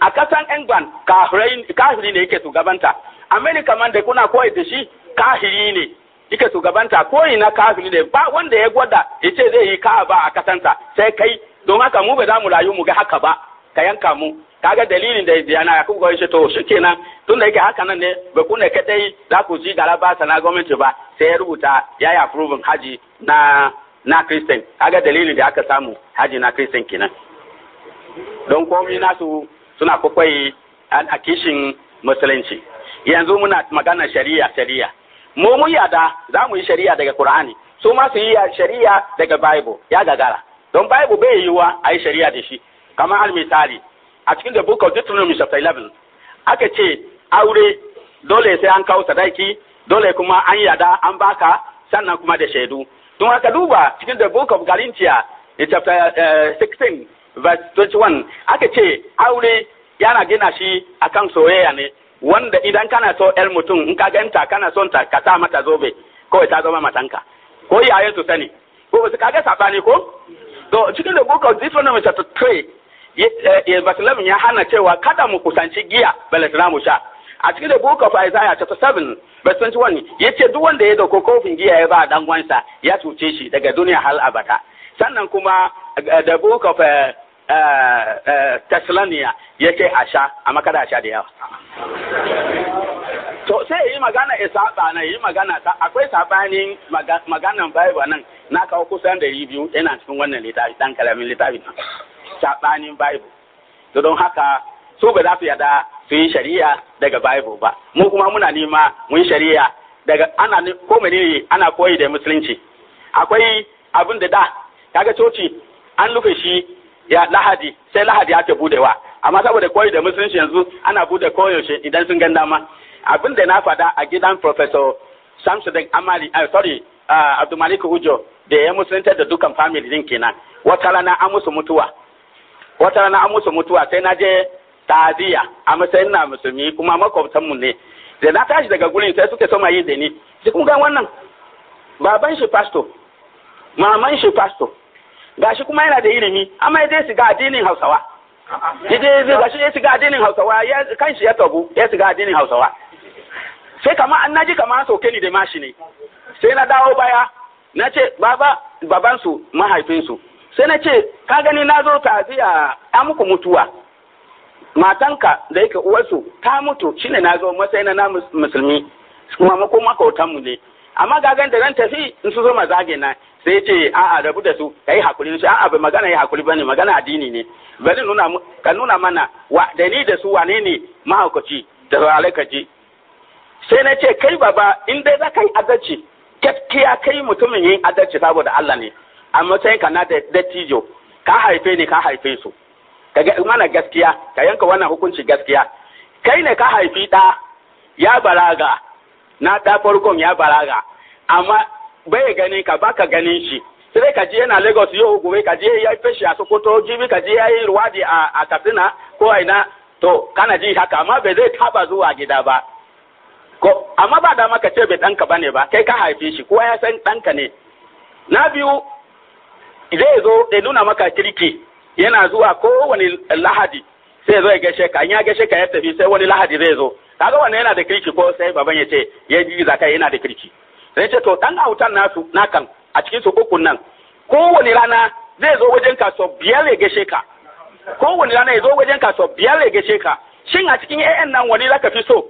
A kasan England kafiri ne yake shugabanta. America man da kuna koyi da shi kafiri ne yake shugabanta koyi na kafiri ne ba wanda ya gwada ya ce zai yi ka ba a kasansa sai kai don haka mu ba za mu rayu mu ga haka ba ka yanka mu kaga dalilin da ya na ya kuma shi to shi kenan tun da yake haka nan ne ba ku ne kadai za ku ji galaba sana gwamnati ba sai ya rubuta ya yi haji na na Kristen, kaga dalili da aka samu haji na Kristen kenan don komi nasu suna kwakwai a kishin musulunci yanzu muna magana shari'a shari'a mu mu yada za mu yi shari'a daga qur'ani su ma su yi shari'a daga bible ya gagara don bible bai yiwa a yi shari'a da shi kamar al misali a cikin the book of Deuteronomy chapter 11 aka ce aure dole sai an kawo sadaki dole kuma an yada an baka sannan kuma da shaidu don haka duba cikin the book of Galatia eh, chapter uh, eh, 16 verse 21 aka ce aure yana gina shi akan soyayya ne wanda idan kana so yar mutum in ka ganta kana son ta ka sa mata zobe kawai ta zama matanka ko iyaye su sani ko su kaga sabani ko to cikin da book of Deuteronomy chapter 3 eh, verse 11 ya hana cewa kada mu kusanci giya balantana mu sha a cikin da book of Isaiah chapter 7 ba san wani ce duk wanda ya dauko kofin giya ya ba dan ya cuce shi daga duniya hal abada sannan kuma da eh, book of eh, eh, Thessalonia ce a sha amma kada sha da yawa to sai yi magana ya saba nan yi magana ta akwai sabanin maganan Bible nan na kawo kusan da yi biyu yana cikin wannan littafi dan kalamin littafi nan sabanin Bible to don haka su ba za su yada su yi shari'a daga Bible ba mu kuma muna nema mu yi shari'a daga ana ko menene ana koyi da musulunci akwai abin da da kaga coci an lufe shi ya lahadi sai lahadi ake budewa amma saboda koyi da musulunci yanzu ana bude koyaushe idan sun gan dama abin da na fada a gidan professor samson Amali uh, sorry uh, Abdulmalik Ujo da ya musulunta da dukan family din kenan wata rana an musu mutuwa wata rana an musu mutuwa sai na je ta'adiyya a matsayin na musulmi kuma makwabtan mu ne da na tashi daga gurin sai suke ma yi da ni sai ga wannan baban shi pastor maman shi pastor gashi kuma yana da ilimi amma ya dai shiga addinin Hausawa ya dai gashi ya shiga addinin Hausawa ya kanshi ya tabu ya shiga addinin Hausawa sai kama an naji kama an soke ni da mashi ne sai na dawo baya na ce baba babansu mahaifinsu sai na ce ka gani na zo taziya an muku mutuwa matanka da yake uwarsu ta mutu shi ne na zo matsayi na musulmi kuma mako mu ne amma ga da zan tafi in su zo mazage na sai ce a'a rabu da su kai hakuri su a'a bai magana ya hakuri bane magana addini ne bari ka nuna mana wa da ni da su wane ne mahaukaci da zalikaci sai na ce kai baba in dai za ka yi adalci gaskiya kai mutumin yin adalci saboda Allah ne a matsayin ka na dattijo ka haife ni ka haife su ka ga mana gaskiya ka yanka wannan hukunci gaskiya kai ne ka haifi ɗa ya balaga na ɗa farkon ya balaga amma bai gani ka baka ganin shi sai ka je yana Lagos yau gobe ka je ya fashi a Sokoto jibi ka je ya yi ruwadi a Katsina ko a ina to kana ji haka amma bai zai taba zuwa gida ba ko amma ba da maka ce bai ɗanka bane ba kai ka haife shi kowa ya san ɗanka ne na biyu zai zo ya nuna maka kirki yana zuwa kowane lahadi sai zo ya gashe ka ya gashe ka ya tafi sai wani lahadi zai zo kaga wannan yana da kirki ko sai baban ya ce ya ji zaka yana da kirki sai ce to dan autan nasu kan a cikin su ukun nan kowane rana zai zo wajen ka so biyar ya gashe ka kowane rana ya zo wajen ka so biyar ya gashe ka shin a cikin ƴaƴan nan wani zaka fi so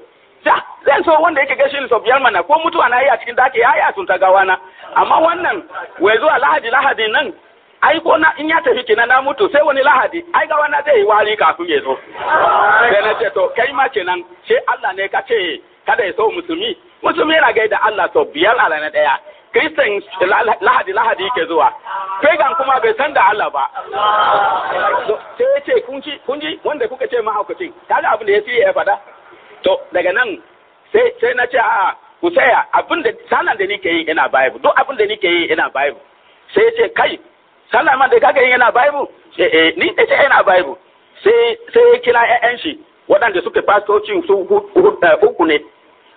ja zan so wanda yake ni so biyar mana ko mutuwa na yi a cikin dake ya yi a sun ta gawa na amma wannan wai zuwa lahadi lahadi nan Ayi ko na in ya tafi kenan na mutu sai wani lahadi ayi ga wannan zai yi wari kafin ya ah. zo sai na ce to kai ma kenan se Allah ne ka ce kada ya so musulmi musulmi yana gaida Allah to biyar a ranar daya kristan lahadi lahadi yake zuwa pagan kuma bai san da Allah ba ah. sai ya ce kunji wanda kuka ce mahaukacin kaga abin da ya siya ya fada to daga nan Se sai na ce a ah, ku tsaya abin da sanan da nike yi ina bible duk abin da nike yi ina bible sai ya ce kai sallah man da kaga na bible eh ni da ce uh, na bible sai sai ya kira ƴaƴan shi waɗanda suke fastocin su uku ne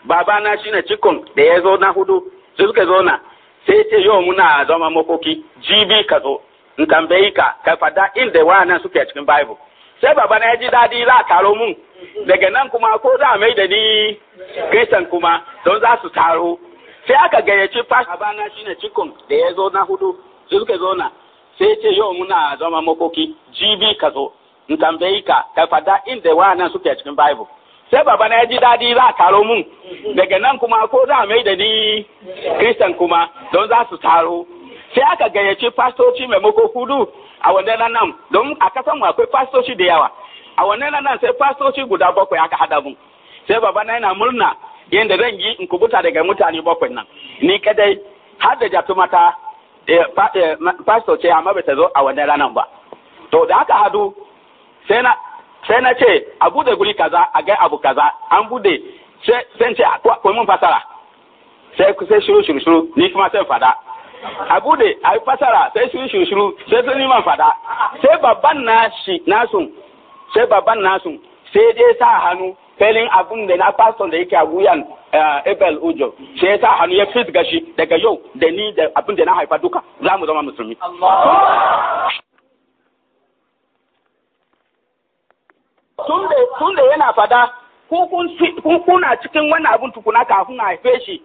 babana shine cikon da ya zo na hudu sai suka zo na sai ce yau muna zama makoki jibi ka zo in tambayi ka ka fada inda wayannan suke a cikin bible sai babana ya ji daɗi za a taro mun daga nan kuma ko za a mai da ni kristan kuma don za su taro sai aka gayyaci fast babana shine cikon da ya zo na hudu sai suke zo na sai ce yau muna zama makoki jibi ka zo in tambayi ka ka fada inda wayannan suke a cikin bible sai baba na ji dadi za a taro mun daga nan kuma ko za a mai da ni kristan kuma don za su taro sai aka gayyaci fastoci maimako hudu a wannan nan don a kasan mu akwai fastoci da yawa a wannan nan sai fastoci guda bakwai aka hada mun sai baba na yana murna yadda zan yi in kubuta daga mutane bakwai nan ni kadai har da jatumata Eh, eh, pastor ce amma bata zo a wannan ranar ba to da aka hadu sai na sai na ce a bude guri kaza a ga abu kaza an bude sai ce ko mun fasara sai sai shiru shiru shiru ni kuma sai fada a bude a fasara sai shiru shiru shiru sai sun yi man fada sai babban nashi nasun sai babban nasun sai dai sa hannu felin abun da na pastor da yake a wuyan eh, Abel Ujo shi ya hannu ya fit gashi daga yau da ni da abun da na haifa duka za mu zama musulmi tun da yana fada kuna cikin wannan abun tukuna kafin a haife shi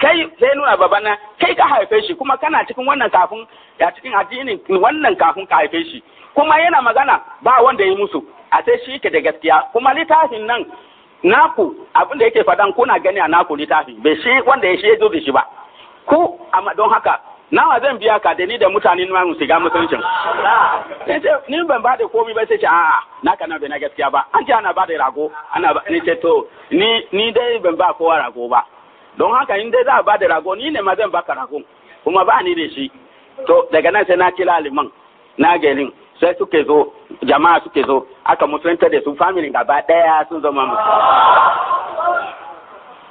kai sai nuna babana kai ka haife shi kuma kana cikin wannan kafin ya cikin addinin wannan kafin ka haife shi kuma yana magana ba wanda ya musu a sai shi ke da gaskiya kuma littafin nan naku abin da yake fadan kuna gani a naku littafi bai shi wanda ya shi ya da shi ba ku amma don haka nawa zan biya ka da ni da mutanen ma su ga mutuncin ni ban ba da komai ba sai ce a'a na kana bai na gaskiya ba an ce ana ba da rago ana ba ni ce to ni ni dai ban ba kowa rago ba don haka in dai za a ba da rago ni ne ma zan baka rago kuma ba ni da shi to daga nan sai na kira liman na gelin sai suke zo jama'a suke zo aka musulunta da su family gaba daya sun zama musulunta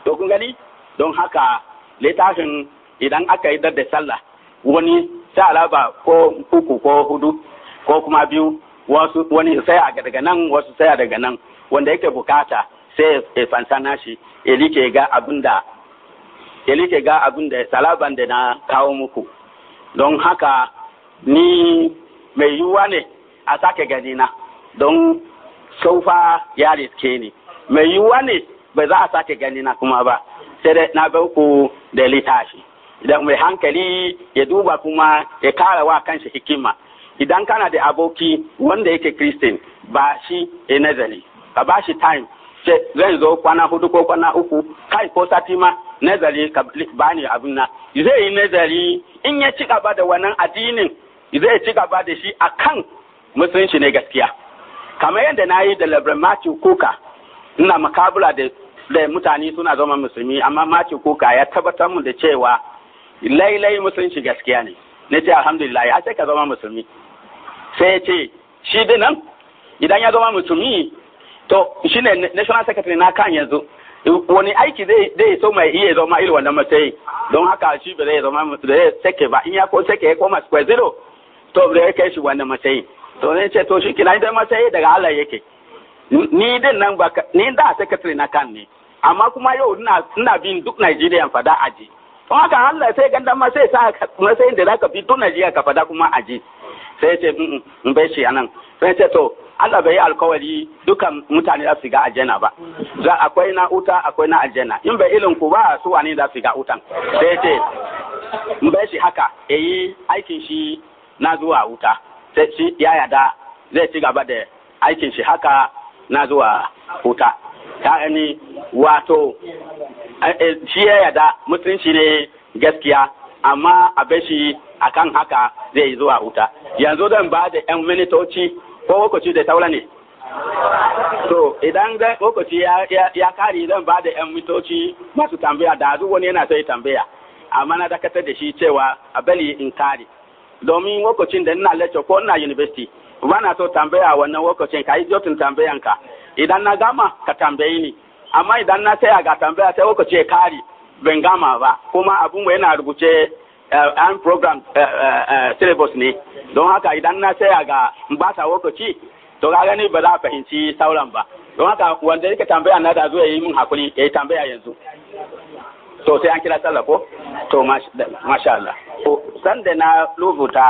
to kun gani don haka littafin idan aka yi da sallah wani sai alaba ko uku ko hudu ko kuma biyu wasu wani sai a daga nan wasu sai a daga nan wanda yake bukata sai ya fansa nashi ya like ga abin da ya like ga abin da salaban da na kawo muku don haka ni mai yiwuwa ne a sake gani na don saufa ya riske ni mai yiwuwa ne ba za a sake gani na kuma ba sai dai na bar ku da litashi. idan mai hankali ya duba kuma ya kara wa kanshi hikima idan kana da aboki wanda yake kristin ba shi ya e nazari ka ba shi time zan zo kwana hudu ko kwana uku kai ko sati ma nazari ka bani abin na zai yi nazari in ya ci gaba da wannan addinin zai ci gaba da shi a kan musulunci ne gaskiya kamar yadda na yi da labarin Matthew Kuka ina makabula da mutane suna zama musulmi amma Matthew Kuka ya tabbatar mu da cewa lailai musulunci gaskiya ne na ce alhamdulillah ya ce ka zama musulmi sai ya ce shi dinan idan ya zama musulmi to shi ne national secretary na kan yanzu wani aiki zai so mai iya zama irin wannan matsayi don haka shi ba zai zama da zai sake ba in ya ko sake ya koma square zero to da ya kai shi wani matsayi to zai ce to shi kina idan matsayi daga Allah yake ni din nan ba ni da secretary na kan ne amma kuma yau ina ina bin duk Najeriya fada aji to haka Allah sai ganda ma sai sa matsayin da zaka bi duk Najeriya ka fada kuma aji sai ce in bai shi anan sai ce to Allah bai yi alkawari dukan mutane za su ga aljanna ba za akwai na uta akwai na aljanna in bai ilin ku ba su wani za su ga utan sai ce in bai shi haka eyi aikin shi na zuwa wuta sai shi ya yada zai ci gaba da aikin shi haka na zuwa wuta ta gani wato shi ya yada shi ne gaskiya amma abin shi akan haka zai zuwa wuta yanzu zan ba da yan minitoci ko lokaci da taula ne To idan zan lokaci ya kare zan ba da ‘yan mitoci masu tambaya da wani yana sai tambaya, amma na dakatar da shi cewa a bali in kare. domin lokacin da ina lecture ko ina university ba na so tambaya wannan lokacin ka yi jotin tambayan ka idan na gama ka tambayi ni amma idan na saya ga tambaya sai lokaci ya kare ban gama ba kuma abin yana rubuce eh, eh, an program eh, syllabus ne don haka idan na saya ga bata lokaci to ka gani ba za a fahimci sauran ba don haka wanda yake tambaya na da zuwa yi min hakuri ya yi tambaya yanzu to sai an kira sallah ko to masha Allah san da na rubuta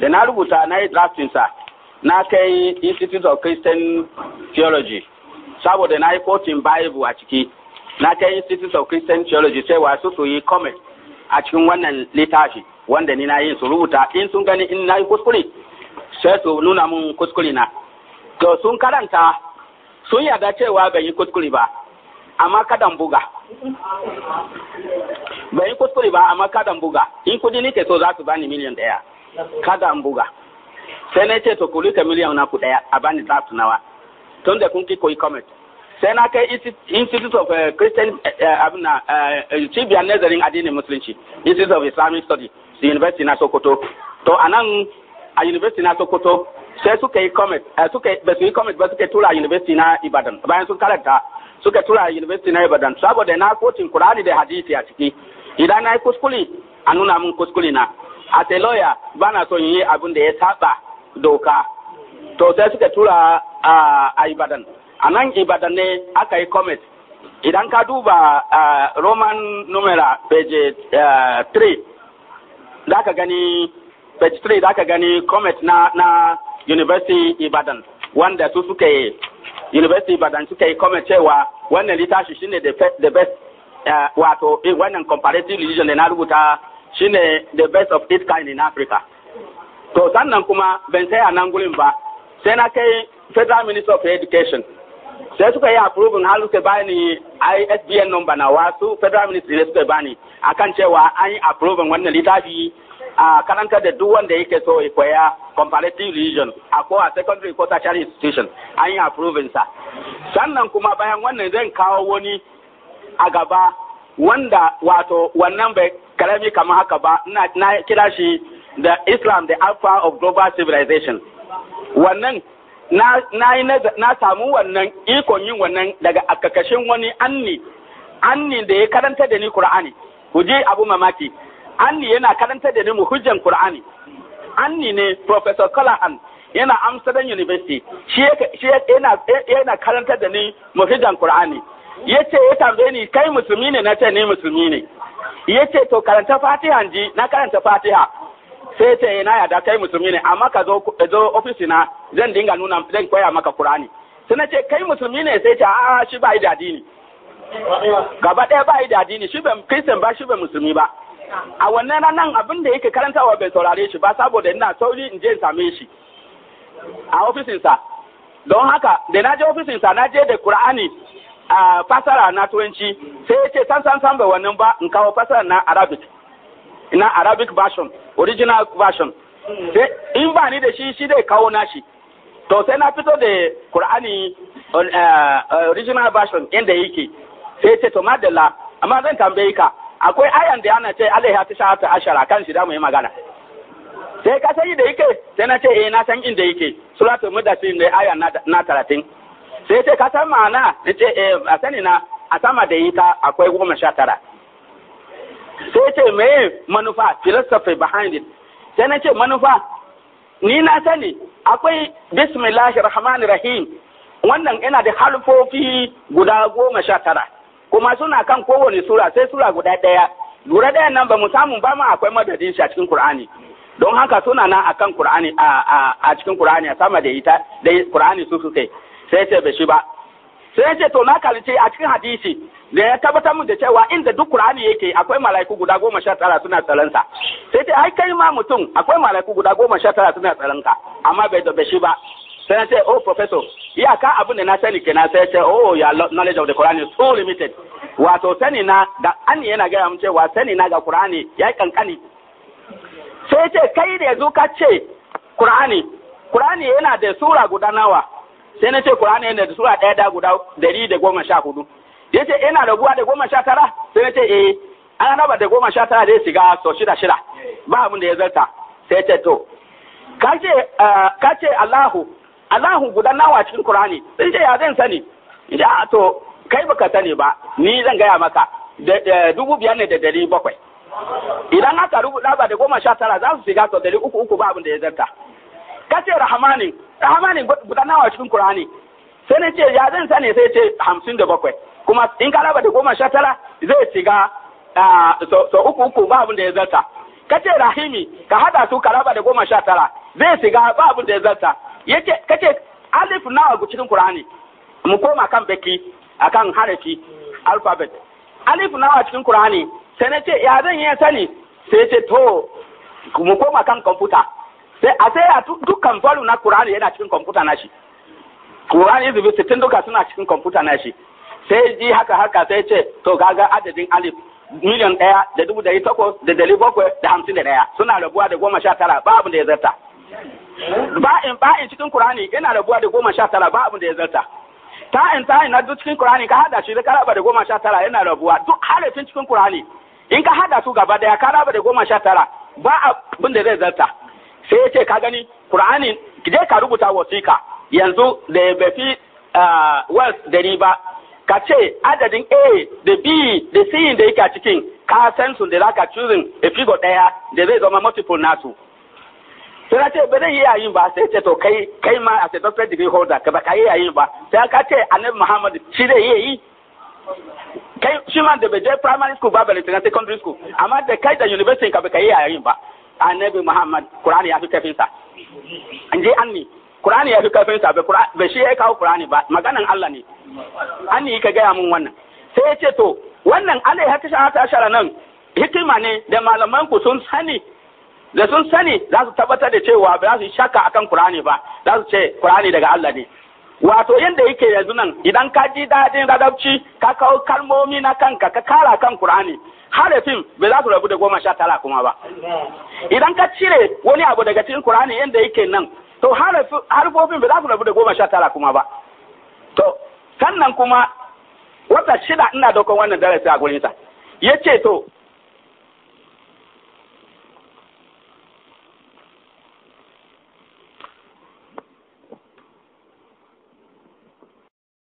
da na rubuta na yi drafting sa na kai Institute of Christian Theology saboda na yi kotun Bible a ciki na kai Institute of Christian Theology sai wasu su yi comment a cikin wannan littafi wanda ni na yin su rubuta in sun gani in na yi kuskure sai su nuna mun kuskure na to sun karanta sun yarda cewa ban yi kuskure ba amma kadan buga ba yi kuskure ba amma kadan buga in kudi nike so za su bani miliyan daya kadan buga sai na ce to ku rika miliyan na ku daya a bani za su nawa tun da kun kiko comment sai na kai institute of eh, christian eh, eh, abuna cibiyar nazarin addinin musulunci institute of islamic studies university na sokoto to anan a university na sokoto sai suka yi comment eh, suka ba su yi comet ba suka tura university na Ibadan bayan sun karanta suka tura university na Ibadan saboda na kotin kurani da hadisi a ciki idan na yi kuskuli a nuna min kuskuli na a a lawyer ba na son yi abin da ya saba doka to sai suka tura a Ibadan a nan Ibadan ne aka yi comet idan ka duba Roman numera page 3 eh, za ka gani page 3 za ka gani comet na University Ibadan wanda su suka yi University Ibadan suka yi kome cewa wannan littafi shine the best uh, wato eh, wannan comparative religion da na rubuta shine the best of its kind in Africa. To sannan kuma ban tsaya nan gurin ba sai na kai Federal Minister of Education sai suka yi approving har suka bani ISBN number na wasu Federal Ministry ne suka bani akan cewa an yi approving wannan littafi a karanta da duk wanda yake so ya koya comparative religion a ko a secondary ko tertiary institution an yi approving sa sannan kuma bayan wannan zan kawo wani a gaba wanda wato wannan bai karami kamar haka ba na kira shi da islam the alpha of global civilization wannan na na na samu wannan ikon yin wannan daga akakashin wani anni anni da ya karanta da ni Kur'ani. ku je abu mamaki anni yana karanta da ni mu hujjan qur'ani anni ne professor Callahan yana Amsterdam University shi yana yana karanta da ni mu hujjan qur'ani yace ya tambaye ni kai musulmi ne na ce ni musulmi ne yace to karanta Fatiha ji na karanta Fatiha sai ina eh, yana yada kai musulmi ne amma ka zo zo office na zan dinga nuna zan koya maka Qur'ani sai ce kai musulmi ne sai ce a shi ba da dini. gaba ɗaya ba da dini, shi ba kristan ba shi ba musulmi ba a wannan ranar abin da yake karantawa bai saurare shi ba saboda ina sauri in je same shi a ofisinsa don haka da na je ofisinsa na je da Kur'ani a fasara na turanci sai ya ce san san san bai wannan ba in kawo fasara na Arabic na Arabic version original version sai in ba ni da shi shi dai kawo na shi to sai na fito da Kur'ani eh, original version inda yake sai ya ce to madalla amma zan tambaye ka akwai ayan da yana ce Allah ya tisha ta ashara kan shi da mu yi magana sai ka sai da yake sai na ce eh na san inda yake suratul mudaththir ne ayan na 30 sai ce ka san ma'ana ni ce eh a sani na a sama da ita akwai goma sai ce me manufa philosophy behind it sai na ce manufa ni na sani akwai bismillahir rahmanir rahim wannan yana da harfofi guda goma kuma suna kan kowane sura sai sura guda ɗaya lura ɗaya nan ba mu samu ba ma akwai madadin shi a cikin Kur'ani don haka suna nan akan Kur'ani a cikin Kur'ani a sama da ita da Qur'ani su suke sai ce ba shi ba sai ce to na kalice a cikin hadisi da ya tabbatar mu da cewa inda duk Kur'ani yake akwai mala'iku guda goma sha tara suna tsaronsa sai ce ai kai ma mutum akwai mala'iku guda goma sha tara suna tsaronka amma bai da shi ba sai na ce oh professor iyaka abin da na sani kenan sai ce oh ya knowledge of the Quran is so limited wato sani na da ani yana gaya mun cewa sani na ga Qur'ani yayi kankani sai ce kai da yazo ka ce Qur'ani Qur'ani yana da sura guda nawa sai na ce Qur'ani yana da sura ɗaya da guda dari da goma sha hudu ya ce yana rabuwa da goma sha tara sai na ce eh an raba da goma sha tara da ya shiga sau shida shida ba abin da ya zarta sai ce to kace eh, Allahu Allahu guda nawa cikin Qur'ani sun ce ya zan sani in ce to kai baka sani ba ni zan gaya maka dubu biyar ne da dari bakwai idan aka rubuta ba da goma sha tara za su shiga to dari uku uku ba abin da ya zarta ka ce rahmani rahamani guda nawa cikin Qur'ani sai ne ce ya zan sani sai ce hamsin da bakwai kuma in ka raba da goma sha tara zai shiga so uku uku ba abin da ya zarta ka ce rahimi ka hada su ka raba da goma sha tara zai shiga ba abin da ya zarta yace kace alif nawa ga cikin qur'ani mu koma kan baki akan harafi alphabet alif nawa cikin qur'ani sai na ya zan iya sani sai ce to mu koma kan komputa sai a sai dukkan volume na qur'ani yana cikin komputa na shi qur'ani izubi sittin duka suna cikin komputa na shi sai ji haka haka sai ce to kaga adadin alif miliyan ɗaya da dubu ɗari takwas da dari bakwai da hamsin da ɗaya suna rabuwa da goma sha tara babu da ya zarta. ba'in ba'in cikin Qur'ani ina rabuwa da goma sha tara ba abin da ya zarta ta'in ta'in na duk cikin Qur'ani ka hada shi da ka da goma sha tara ina rabuwa duk harafin cikin Qur'ani in ka hada su gaba daya ka raba da goma sha tara ba abin da zai zarta sai yace ka gani Qur'ani je ka rubuta wasiƙa yanzu da ya bafi ah, West dari ba ka ce adadin A da B da C da yake a cikin ka san su da za ka cuzin a figo daya da zai zama multiple nasu sai ce ba zai yi yayin ba sai ce to kai kai ma a sai doctor degree holder ka ba ka yi yayin ba sai ka ce annabi muhammad shi zai iya yi kai shi ma da bai je primary school ba balance na secondary school amma da kai da university ka ba ka yi yayin ba annabi muhammad qur'ani ya fi kafin sa an je an ne qur'ani ya fi kafin sa ba shi ya kawo qur'ani ba maganan Allah ne an ne ka gaya mun wannan sai ya ce to wannan alai hakka shahata shara nan hikima ne da malaman ku sun sani da sun sani za su tabbatar da cewa ba za su shaka akan Qur'ani ba za su ce Qur'ani daga Allah ne wato yadda yake yanzu nan idan ka ji dadin radabci ka kawo kalmomi na kanka ka kara kan Qur'ani harafin ba za su rabu da goma sha tara kuma ba idan ka cire wani abu daga cikin Qur'ani yadda yake nan to harfofin ba za su rabu da goma sha tara kuma ba to sannan kuma wata shida ina dokon wannan darasi a gurinsa ya ce to